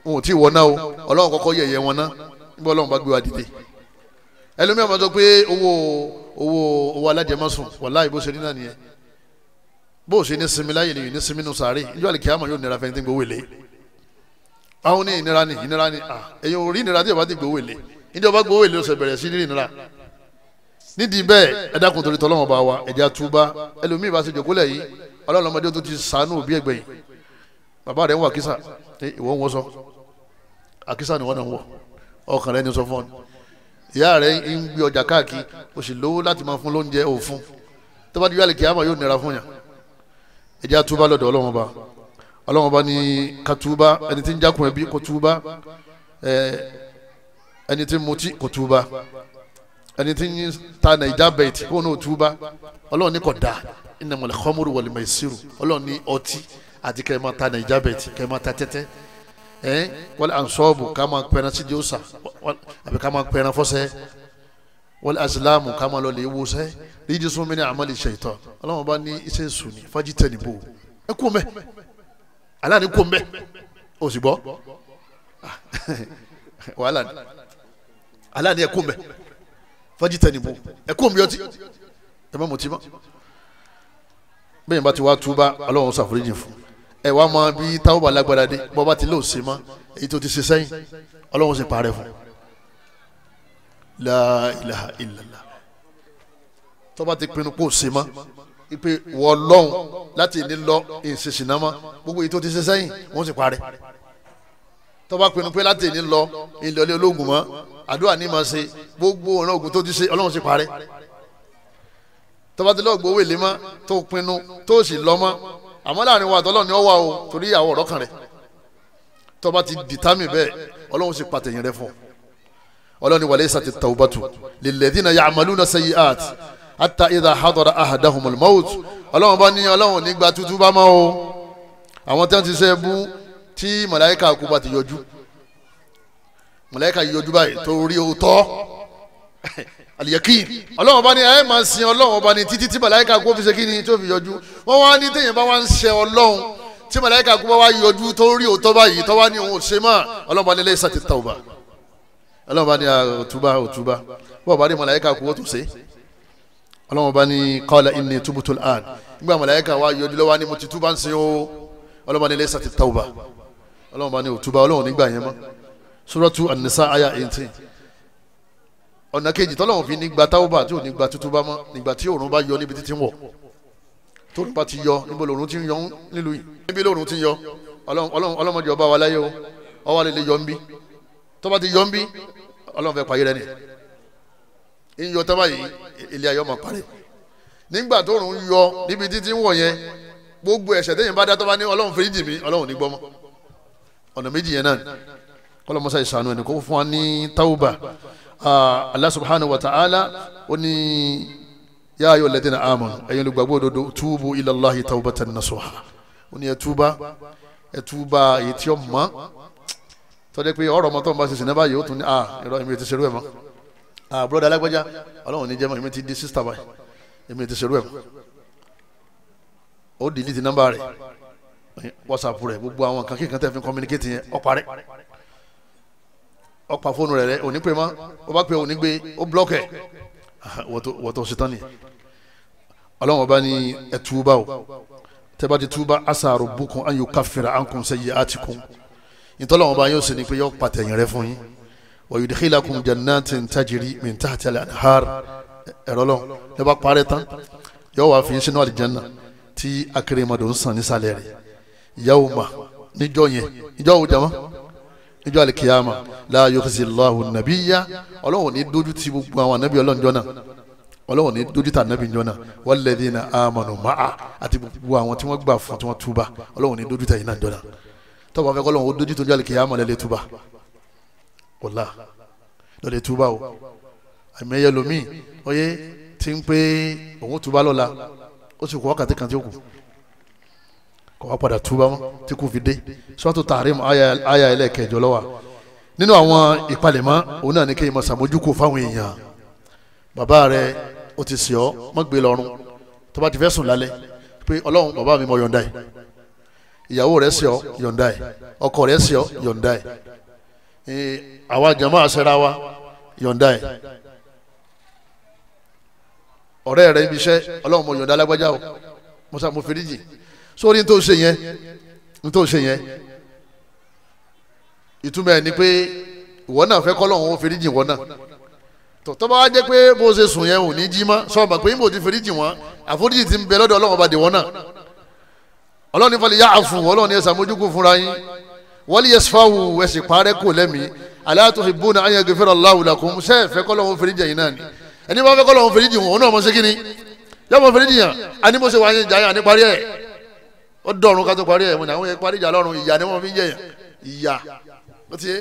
wọn ò tí ì wọ́n náà o ọlọ́run kọ́kọ́ yẹ̀yẹ́ wọn náà níbo ọlọ́run bá gbé wa dìde ẹlòmíì ọmọ sọ pé owó owó owó alájẹmọ́sùn wàláhì bó ṣe ní náà nìyẹn bó ṣe ní sinmi láyè lè ní sinmi nù sàárè níjọ́ àlè kíámà yóò nira fẹ́ẹ́ tí ń gbowó èlé àwọn ní ìnira ni ìnira ni à èyàn ò rí ìnira tí ìjọba ti gbowó èlé ìjọba gbowó èlé ọ̀sẹ̀ bẹ̀rẹ̀ sí ní ìnira nídìí bẹ́ẹ̀ ẹ dákun torí tọ́lọ́wọ́n bá wa ẹ̀jẹ̀ àtúbá ẹlòmíì bá ṣe jòkólẹ̀ yìí ọlọ́run tó ti sànú òbí ẹ̀gbẹ̀yìn bàbá rẹ̀ ń wọ àkísà ìwọ ń wọ sọ àkísà ni wọ́n náà ń wọ ọkàn rẹ ni sọ fún ọ ìyá rẹ ń gbé ọjà káàkiri o sì lówó láti máa fún lóúnjẹ òfun tó bá di wíwálé kíámà yóò nira fún yàn ẹjẹ àtúbà lọ́dọ̀ Ọlọ́run ọba Ọlọ́run ọba ní kàtúbà ẹni tí ń jákun ẹbí kò túbà ẹni tí ń mutí kò túbà ẹni tí ń ta nàìjà bẹẹtì kò náà túbà Ọlọ́run ní kò dá innamal khamru wal maisiru Ọlọ́run ní ọtí àti kẹrìmọ ta nàìjà bẹẹtì kẹrìmọ ta tẹ́tẹ́ ẹn wali ansọbu k'a ma pẹrẹn si diw sa a bẹ k'a ma pẹrẹn fọsẹ wali asilamu k'a ma lọ le wusẹ liji sun mini amali sẹyitọ alamọ b'a ni i se sunni faji tẹ nin bo ẹ kun bẹ ala ni kun bẹ o si bọ wala ala ni ẹ kun bẹ faji tẹ nin bo ẹ kun bẹ yọti ẹ ma mọ ma bẹyẹn ti wa tuba alamọ safunẹ jin fun ẹ wá máa bí táwọ́bà lágbára dé bọ́bá ti lóò ṣe mọ́ èyí tó ti ṣe sẹ́yìn ọlọ́run sì parẹ́ fún la ilaha illallah tọ́ba ti pinnu kó ṣe mọ́ ipe wọ́ lọ́hùn láti ní lọ ìṣèṣìná mọ́ gbogbo èyí tó ti ṣe sẹ́yìn wọ́n sì parẹ́ tọ́ba pinnu pé láti ní lọ ìlọlé ológun mọ́ àdúrà ní ma ṣe gbogbo ọ̀nà ògùn tó ti ṣe ọlọ́run sì parẹ́ tọ́ba ti lọ́ọ́ gbowó ìlémọ́ tó pinnu tó sì lọ́mọ́ àmọ́ láàrin wa àtọ́lọ́ ni ọ wà o torí ìyàwó ọ̀rọ̀ kan rẹ̀ tọ́ba ti dìtámì bẹ́ẹ̀ ọlọ́run sì pàtẹ́yìn rẹ fún ọlọ́run ni walaysati tawbatu lilladhina ya'maluna sayyi'at hatta idha hadara ahadahumul maut ọlọ́run bá ní ọlọ́run nígbà tútù bá mọ́ o àwọn tí wọ́n ti sẹ́ bú tí màláíkà kú bá ti yọjú màláíkà yọjú báyìí torí òótọ́ àlìyẹ́kìn ọlọ́run bá ní ẹ máa sin ọlọ́run bá ní títí tí màláìka kó fi ṣe kí ni tó fi yọjú wọ́n wá ní téèyàn bá wá ń ṣe ọlọ́run tí màláìka kó bá wá yọjú tó rí òótọ́ báyìí tó wá ní òun ò ṣe mọ́ ọlọ́run bá ní ilé ìsàtì tàwùbà ọlọ́run bá ní òtúbà òtúbà wọ́n bá ní màláìka kó tó ṣe ọlọ́run bá ní qala inni tubtu al nígbà màláìka wá yọjú lọ́wọ́ ní mo ti túbà ń sin o ọlọ́run bá ní ilé ìsàtì ọ̀nà kejì tọ́lọ́wọ́n fi nígbà táwọ́bà tí ò nígbà tuntun bá mọ́ nígbà tí òòrùn bá yọ níbi títí wọ̀ tóòrùn bá ti yọ níbo lòòrùn ti ń yọ nílùú yìí níbi lòòrùn ti ń yọ ọlọ́mọdé ọba wa láyé o ọwọ́ lè lè yọ ń bí tọ́ba ti yọ ń bí ọlọ́run fẹ́ payé rẹ ni ìyọ tọ́ba yìí ilé ayé ọmọ parí nígbà tóòrùn yọ níbi títí wọ̀ yẹn gbogbo ẹ̀ṣẹ̀ téèyàn bá dá tọ́ba ní ọlọ́run fèrè jì mí ọlọ́run ní gbọ́mọ ọ̀nà méjì yẹn náà kọ́lọ́mọsá ìsànú ẹni Ah, Allah subhanahu wa ta'ala ó ní yá ayọ̀ lẹ́dínà àmọ́ ẹ̀yin olùgbàgbọ́ òdodo túbú ilallahi tawbatan nasuha ó ní ẹ̀túbá ẹ̀túbá èyí tí ó mọ́ tọ́jú pé ọ̀rọ̀ ọmọ tó ń bá ṣiṣẹ́ náà báyìí ó tún ní à irọ́ èmi ti ṣerú ẹ̀ mọ́ à bùrọ̀dá alágbájá ọlọ́run ní jẹ́ mọ́ èmi ti di sísítà báyìí èmi ti ṣerú ẹ̀ mọ́ ó dìlítì nọ́mbà rẹ̀ wọ́sàpù rẹ̀ gbogbo àwọn kan kíkan fi communicate yẹn ó ó pa fóònù rẹ̀ rẹ̀ òní pè mọ́ ó bá pè òní gbé ó blọ́ọ̀kì ẹ̀ wọ́tọ̀ ṣetán ni ọlọ́run ọba ní ẹ̀túbà o tẹ́ bá ti túbà asa rabbukum an yukaffira ankum sayyi'atikum ìtọ́lọ́run ọba yóò sì ní pé yóò pàtẹ́yìn rẹ fún yín wa yudkhilakum jannatin tajri min tahtiha al-anhar ẹ̀rọ lọ́n ẹ bá parẹ́ tán yóò wá fi yín sínú àlìjánná akérèmọdò ń sàn nísàlẹ̀ rẹ̀ yawma níjọ́ yẹn níjọ́ wo jama níjọ́ alikiyama la yukhzi Allahu nabiyya ọlọ́run ní dójú ti gbogbo àwọn anabi ọlọ́njọ́ náà ọlọ́run ní dójú ta anabi njọ́ náà walladhina amanu ma'a àti gbogbo àwọn tí wọ́n gbà fún tí wọ́n túbà ọlọ́run ní dójú ta yìí náà njọ́ náà tọ́ba fẹ́ kọ́lọ́run ó dójú tó níjọ́ alikiyama lẹ́lẹ́ túbà wọ́lá lọ́lẹ́ túbà o àmì ẹ̀yẹ lomi kọ́ wá padà túbà mọ́ tí kò fi dé sọ́tò tààrímù àyà ẹlẹ́ẹ̀kẹjọ lọ́wọ́ nínú àwọn ìpalẹ̀mọ́ òun náà ní kéèyàn máa ṣàmójúkò fáwọn èèyàn bàbá rẹ ó ti sè ọ́ mọ́ gbé e lọ́rùn tó bá ti fẹ́ sùn lálẹ́ pé ọlọ́run bàbá mi mọ yọ̀ǹda ẹ̀ ìyàwó rẹ sè ọ́ yọ̀ǹda ẹ̀ ọkọ rẹ sè ọ́ yọ̀ǹda ẹ̀ àwa jàmáà àṣẹra wa yọ̀ǹda ẹ̀ ọ̀rẹ́ rẹ ibi iṣẹ́ ọlọ́run mọ yọ̀ǹda alágbájá o mo sàmúfẹ́ríjì sórí nítorí ṣe yẹn nítorí ṣe yẹn ìtumọ̀ ẹ̀ ni pé ìwọ náà fẹ́ kọ́lọ́hún ó fèrèjì ìwọ náà tọ́ba wa jẹ́ pé bó ṣe sùn yẹn ò ní jí mọ́ sọ́ọ̀mà pé níbo ti fèrèjì wọn àforíjì ti ń bẹ lọ́dọ̀ ọlọ́run ọba dèwọ́ náà ọlọ́run ní falẹ̀ yá àfún ọlọ́run ní ẹ̀sà mójúkú fúnra yín wali yasfahu ẹ̀sìn parẹ́ kò lẹ́mìí ala tuhibbuna an yaghfira Allahu ó dọ̀run ká tó parí ẹ̀ wọn àwọn yẹn parí ìjà lọ́run ìyà ni wọ́n fi ń yẹ̀yàn ìyà ó ti yé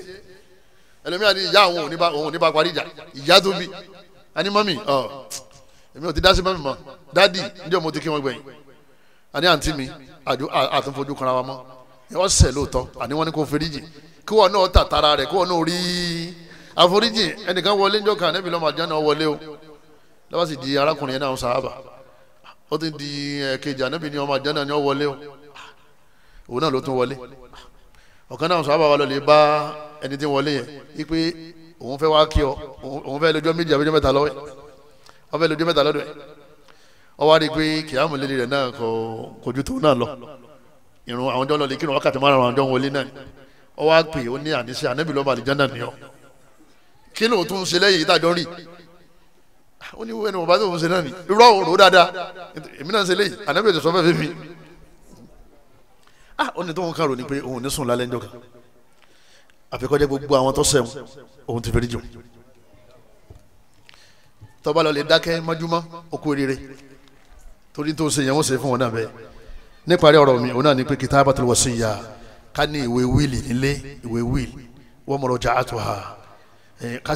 ẹlòmíràn ni ìyá òun ò ní bá parí ìjà ìyá tó bí ani mọ́mì ọ̀ èmi ò ti dá sí mọ́mì mọ́ dádì níjọ́ mo ti kí wọn gbẹ̀yìn ani àǹtí mi àtúnfojú kanra wa mọ́ wọ́n sẹ̀ lóòótọ́ àní wọ́n ní kó foríjì kí wọ́n náà tàtara rẹ̀ kí wọ́n náà rí àforíjì ẹnìkan wọlé níjọ́ kan ẹnìkan lọ́mọ àjọ náà wọlé o lọ́wọ́ sì di arákùnrin yẹn náà ń sáábà ó ti di ẹ̀kejì ànábì ni ọmọ àjánà ni ó wọlé o òun náà ló tún wọlé ọ̀kan náà sọ àbáwá lọ lè bá ẹni tí ń wọlé yẹn wípé òun fẹ́ wá kí ọ òun fẹ́ lójọ́ méjì àbíjọ́ mẹ́ta lọ́wọ́ ọ fẹ́ lójọ́ mẹ́ta lọ́dọ̀ ẹ̀ ọ wá rí i pé kìámù lélẹ rẹ̀ náà kò kojú tó náà lọ ìrun àwọn jọ́ lọ lè kírun wákàtí márùn àwọn jọ́ ń wọlé náà ọ wá pè ó ní àníṣe ànábì lọ́mọ àlìjánà ni ọ kí lóòótọ́ ń ṣe lẹ́yìn ìdájọ́ rí i ó ní wẹ́n ní bàbá tó ń ṣe náà ni irọ́ òrò dáadáa èmi náà ń ṣe léyìí ànábìyẹ tó sọ fẹ́ fífi ah ó ní tó ń kàrò ní pé òun ní sùn lálẹ́ ńjọ́ kan àfikọ́jẹ́ gbogbo àwọn tó sẹ̀wọ̀n òun ti fẹ́rí jù tọ́ba lọ lè dákẹ́ mọ́júmọ́ okú rere torí tó ṣe yẹn wọ́n ṣe fún wọn náà bẹ́ẹ̀ níparí ọ̀rọ̀ mi òun náà ni pé kitabatul wasiyya ká ní ìwé wíìlì nílé ìwé wíìlì ká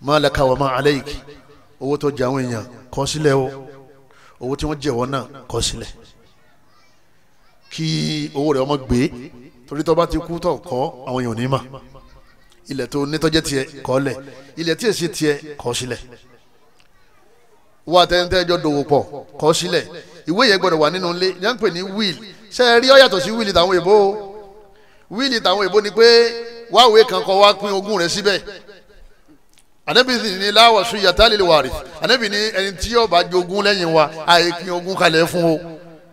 ma laka wa ma alayki owó tó jẹ àwọn èèyàn kọ sílẹ̀ o owó tí wọ́n jẹ wọ́n náà kọ sílẹ̀ kí owó rẹ̀ ọmọ gbé torí tó bá ti kú tó kọ́ àwọn èèyàn ní mà ilẹ̀ tó nítọ́jẹ́ tiẹ̀ kọ́ lẹ̀ ilẹ̀ tí èsì tiẹ̀ kọ́ sílẹ̀ wá tẹ́ńtẹ́jọ́ dòwò pọ̀ kọ́ sílẹ̀ ìwé yẹn gbọ́dọ̀ wà nínú ilé yẹn ń pè ní wíìl ṣe rí ọ yàtọ̀ sí wíìlì tàwọn èbó wíìlì tàwọn èbó ni pé wáwèé kan kọ wá pín ogún rẹ̀ síbẹ̀ anabi ni láwọ̀ sùn yàtá lè wàrí anabi ní ẹni tí yóò bá jogún lẹ́yìn wa àyè pin ogún kalẹ̀ fún o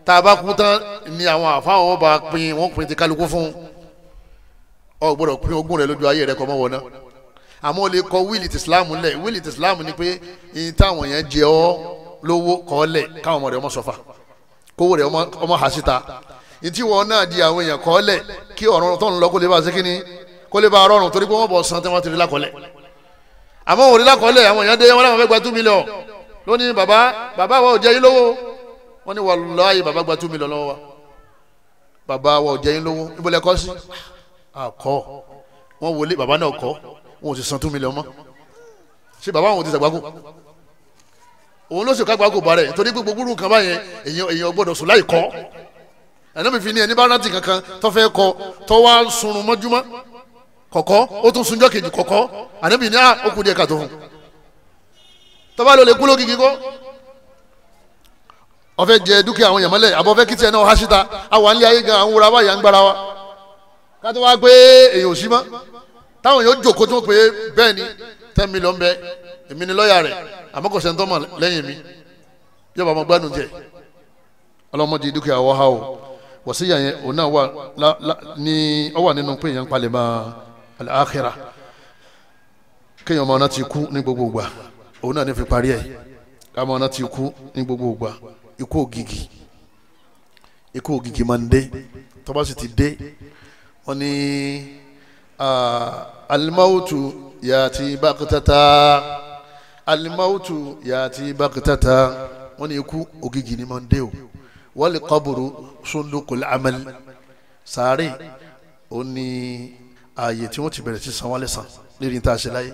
tá a bá kú tán ni àwọn àfáwọn bá pin wọn pin ti kálukú fún ọ gbọ́dọ̀ pin ogún rẹ lójú ayé rẹ kọ́ mọ́ wọná àmọ́ o kọ wíìlì ti Islam lẹ̀ wíìlì ti Islam ni pé iye táwọn yẹn jẹ ọ́ lówó kọ́ lẹ̀ káwọn ọmọ rẹ ọmọ sọfà kówó rẹ ọmọ hà síta ìtí wọn náà di àwọn èèyàn kọ́ lẹ̀ kí ọ̀run tó ń lọ kó lè bá ṣe kínní kó lè bá rọrùn torí pé wọ́n bọ̀ san tí wọ́n ti rí lákọ́lẹ̀ àmọ́ òrí lákọọ́lẹ̀ àwọn èèyàn dé wọn làwọn fẹ́ gba two million lónìí bàbá bàbá wa ò jẹ́ yín lówó wọ́n ní wàlúùláyè bàbá gba two million lọ́wọ́ wa bàbá wa ò jẹ́ yín lówó níbo lẹ kọ́ sí àkọ́ wọ́n wọlé bàbá náà kọ́ wọn ò sì san two million mọ́ ṣé bàbá wọn ò ti sàgbákò òun ló sì ká gbáko bá rẹ̀ torí gbogbo gbúrú kan báyẹn èèyàn gbọ́dọ̀ sùn láì kọ́ ẹ̀nà mi fi ní ẹni bá rántí kankan tó fẹ́ kọ tó wá sunrun mọ́júmọ́ kọkọ o tún sunjọ́ kejì kọ̀kọ́ ànábì ní okùn ah, díẹ̀ kàtó fún tọ́ba ló lè ole lókìkí kó ọ̀fẹ́ jẹ dúkìá àwọn yàmọ́lẹ̀ àbọ̀fẹ́ kìtì ẹ̀ náà wá síta àwọn ilé ayé gan àwọn wúra wáyà ń gbára wa kátó wá pé èyàn ò sí mọ́ táwọn yóò jókòó tó pé bẹ́ẹ̀ ni ten million bẹ èmi ni lọ́ọ̀yà lẹ́yìn mi yọba ọmọ gbádùn jẹ dúkìá wọ́ha o yẹn òun náà wà ní ọwà nínú pé al-akhirah kéèyàn ọmọ ọ̀nà ti kú ní gbogbo ìgbà òun náà ní fi parí ẹ̀ káàmọ́ ọ̀nà ti kú ní gbogbo ìgbà ikú ògìgì ikú ògìgì máa ń dé tó bá sì ti dé wọ́n ní alimawutu yàtí bákítátá alimawutu yàtí bákítátá wọ́n ní ikú ògìgì ni máa ń dé o wal qabru sundukul amal sáré ó ní ààyè tí wọ́n ti bẹ̀rẹ̀ sí san wálé san lérí tá a ṣe láyé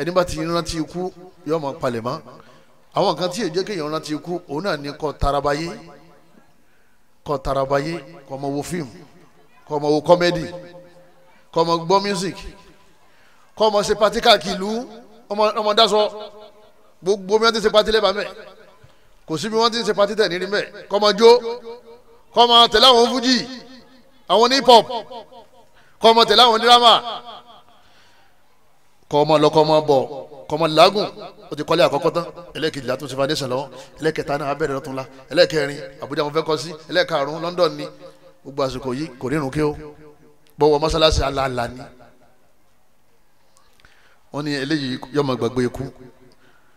ẹni bá ti rántí ikú yóò máa palẹ̀ mọ́ àwọn kan tí èjẹ́ kéèyàn rántí ikú òun náà ní kọ́ tarabayé kọ́ tarabayé kọ́ máa wo fíìmù kọ́ máa wo kọ́mẹ́dì kọ́ máa gbọ́ music kọ́ máa ṣe pati káàkiri ìlú ọmọ dasọ gbogbo mi wọ́n ti ṣe pati lẹ́bàá mẹ́ kò sí bí wọ́n ti ṣe pati tẹ̀ nírí mẹ́ kọ́ máa jó kọ́ máa tẹ̀lé àwọn fújì àwọn hip hop kọ́mọ tẹ̀lé àwọn onírámà kọ́mọ lọ́kọ́mọ bọ̀ kọ́mọ làágùn ó ti kọ́lé àkọ́kọ́ tán ẹlẹ́kejì látún sí foundation lọ́wọ́ ẹlẹ́kẹta náà abẹ́rẹ́ lọ́tún la ẹlẹ́kẹrin Àbújá mo fẹ́ kọ́ sí ẹlẹ́karùn London ni gbogbo àsìkò yìí kò rírun kí o bọ́wọ́ mọ́sálásí aláàlá ni wọ́n ní eléyìí yọmọ gbàgbé ikú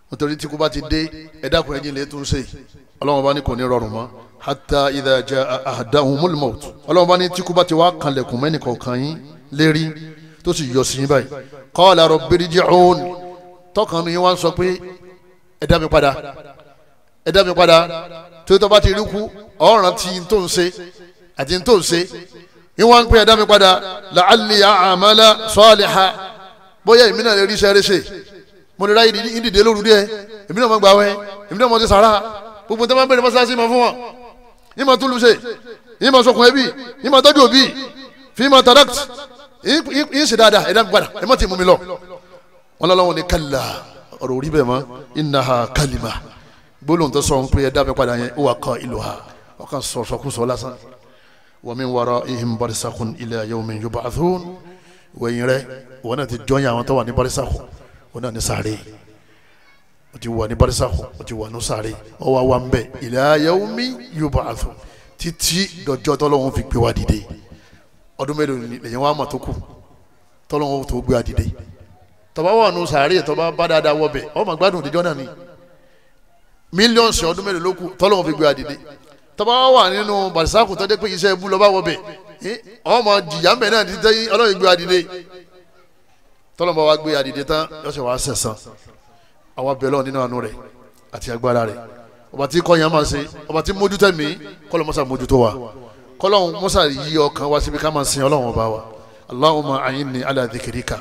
nítorí tí kú bá ti dé ẹ̀dá kan ẹ̀yìn lè tún ṣe ọlọ́wọ́n bá ní kò ní rọrùn mọ́ hatta idha jaa ahadahumul maut ọlọ́run bá ní tíkú bá ti wá kanlẹ̀kùn mẹ́nì kọ̀ọ̀kan yín lérí tó sì yọ sí yín báyìí qala rabbi rji'un tọkàn mi wá ń sọ pé ẹ dá mi padà ẹ dá mi padà tó tó bá ti rí kú ọ̀ràn tí n tó ń ṣe àti n tó ń ṣe ń wá ń pè ẹ dá mi padà la'alli a'mala salihan bóyá èmi náà lè rí iṣẹ́ ṣe mo lè ráyè ìdìde lóru díẹ̀ èmi náà mo gbààwẹ̀ èmi náà mo ti sàrà gbogbo tó máa ń bẹ̀rẹ̀ mọ́ṣáláṣí mọ́ fún wọn yín máa túlù ṣe yín máa sọkùn ẹbí yín máa tọ́jú òbí fi máa tàdákt yín ṣe dáadáa ẹ̀dá mi padà ẹ̀ má ti mú mi lọ. wọn lọ́wọ́ ni kálá ọ̀rọ̀ orí bẹ́ẹ̀ mọ́ ìnáha kálímà gbólóhùn tó sọ ń pè é dá mi padà yẹn ó wà kọ́ ìlú wa min waraihim barisakun ila yawmin yub'athun wẹ̀yìn rẹ̀ wọn náà ti jọ́yìn àwọn tó wà ní barisaku wọn náà ní sáré o ti wà ní barisakọ o ti wà ní sáré ọ wà wà nbẹ ila yaumi yub'athu títí dọjọ́ tọ́lọ́hún fi gbé wa dìde ọdún mélòó lèyìn wa mọ̀ tó kù tọ́lọ́hún tó gbé wa dìde tọba wà nù sàárè tọba bá dáadáa wọ bẹ ọmọ gbádùn òdìjọ náà ni mílíọ̀nsì ọdún mélòó ló kù tọ́lọ́hún fi gbé wa dìde tọba wà nínú barisakọ tọ́jú pé iṣẹ́ ibú lọ́ba wọ bẹ ọmọ jìyà mbẹ náà ti tẹ́ ọlọ́run gbé wa dìde àwa bẹ̀ lọ́wọ́ nínú àánú rẹ̀ àti agbára rẹ̀ ọba tí kọ́ yẹn máa ṣe ọba tí mójútó mi kọ́lọ́ mọ́sà mójútó wa kọ́lọ́hún mọ́sà yí ọkàn wa síbi ká máa sin ọlọ́run ọba wa allahumma a'inni ala dhikrika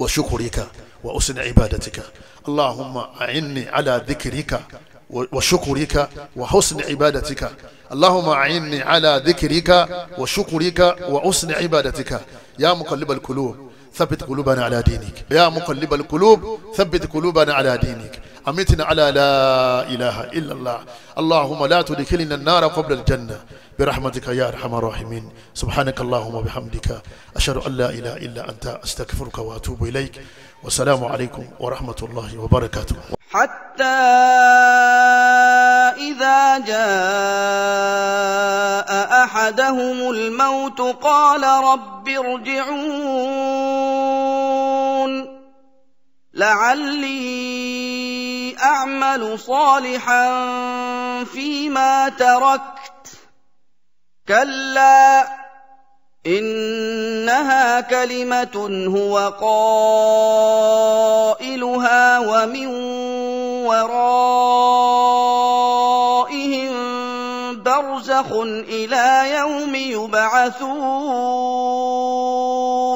wa shukurika wa usni ibadatika allahumma a'inni ala dhikrika وشكرك وحسن عبادتك اللهم أعني على ذكرك وشكرك وحسن عبادتك يا مقلب القلوب ثبت قلوبنا على دينك يا مقلب القلوب ثبت قلوبنا على دينك أمتنا على لا إله إلا الله اللهم لا تدخلنا النار قبل الجنة برحمتك يا أرحم الراحمين سبحانك اللهم وبحمدك أشهد أن لا إله إلا أنت أستغفرك وأتوب إليك والسلام عليكم ورحمة الله وبركاته حتى إذا جاء أحدهم الموت قال رب ارجعون لعلي أعمل صالحا فيما تركت كلا انها كلمه هو قائلها ومن ورائهم برزخ الى يوم يبعثون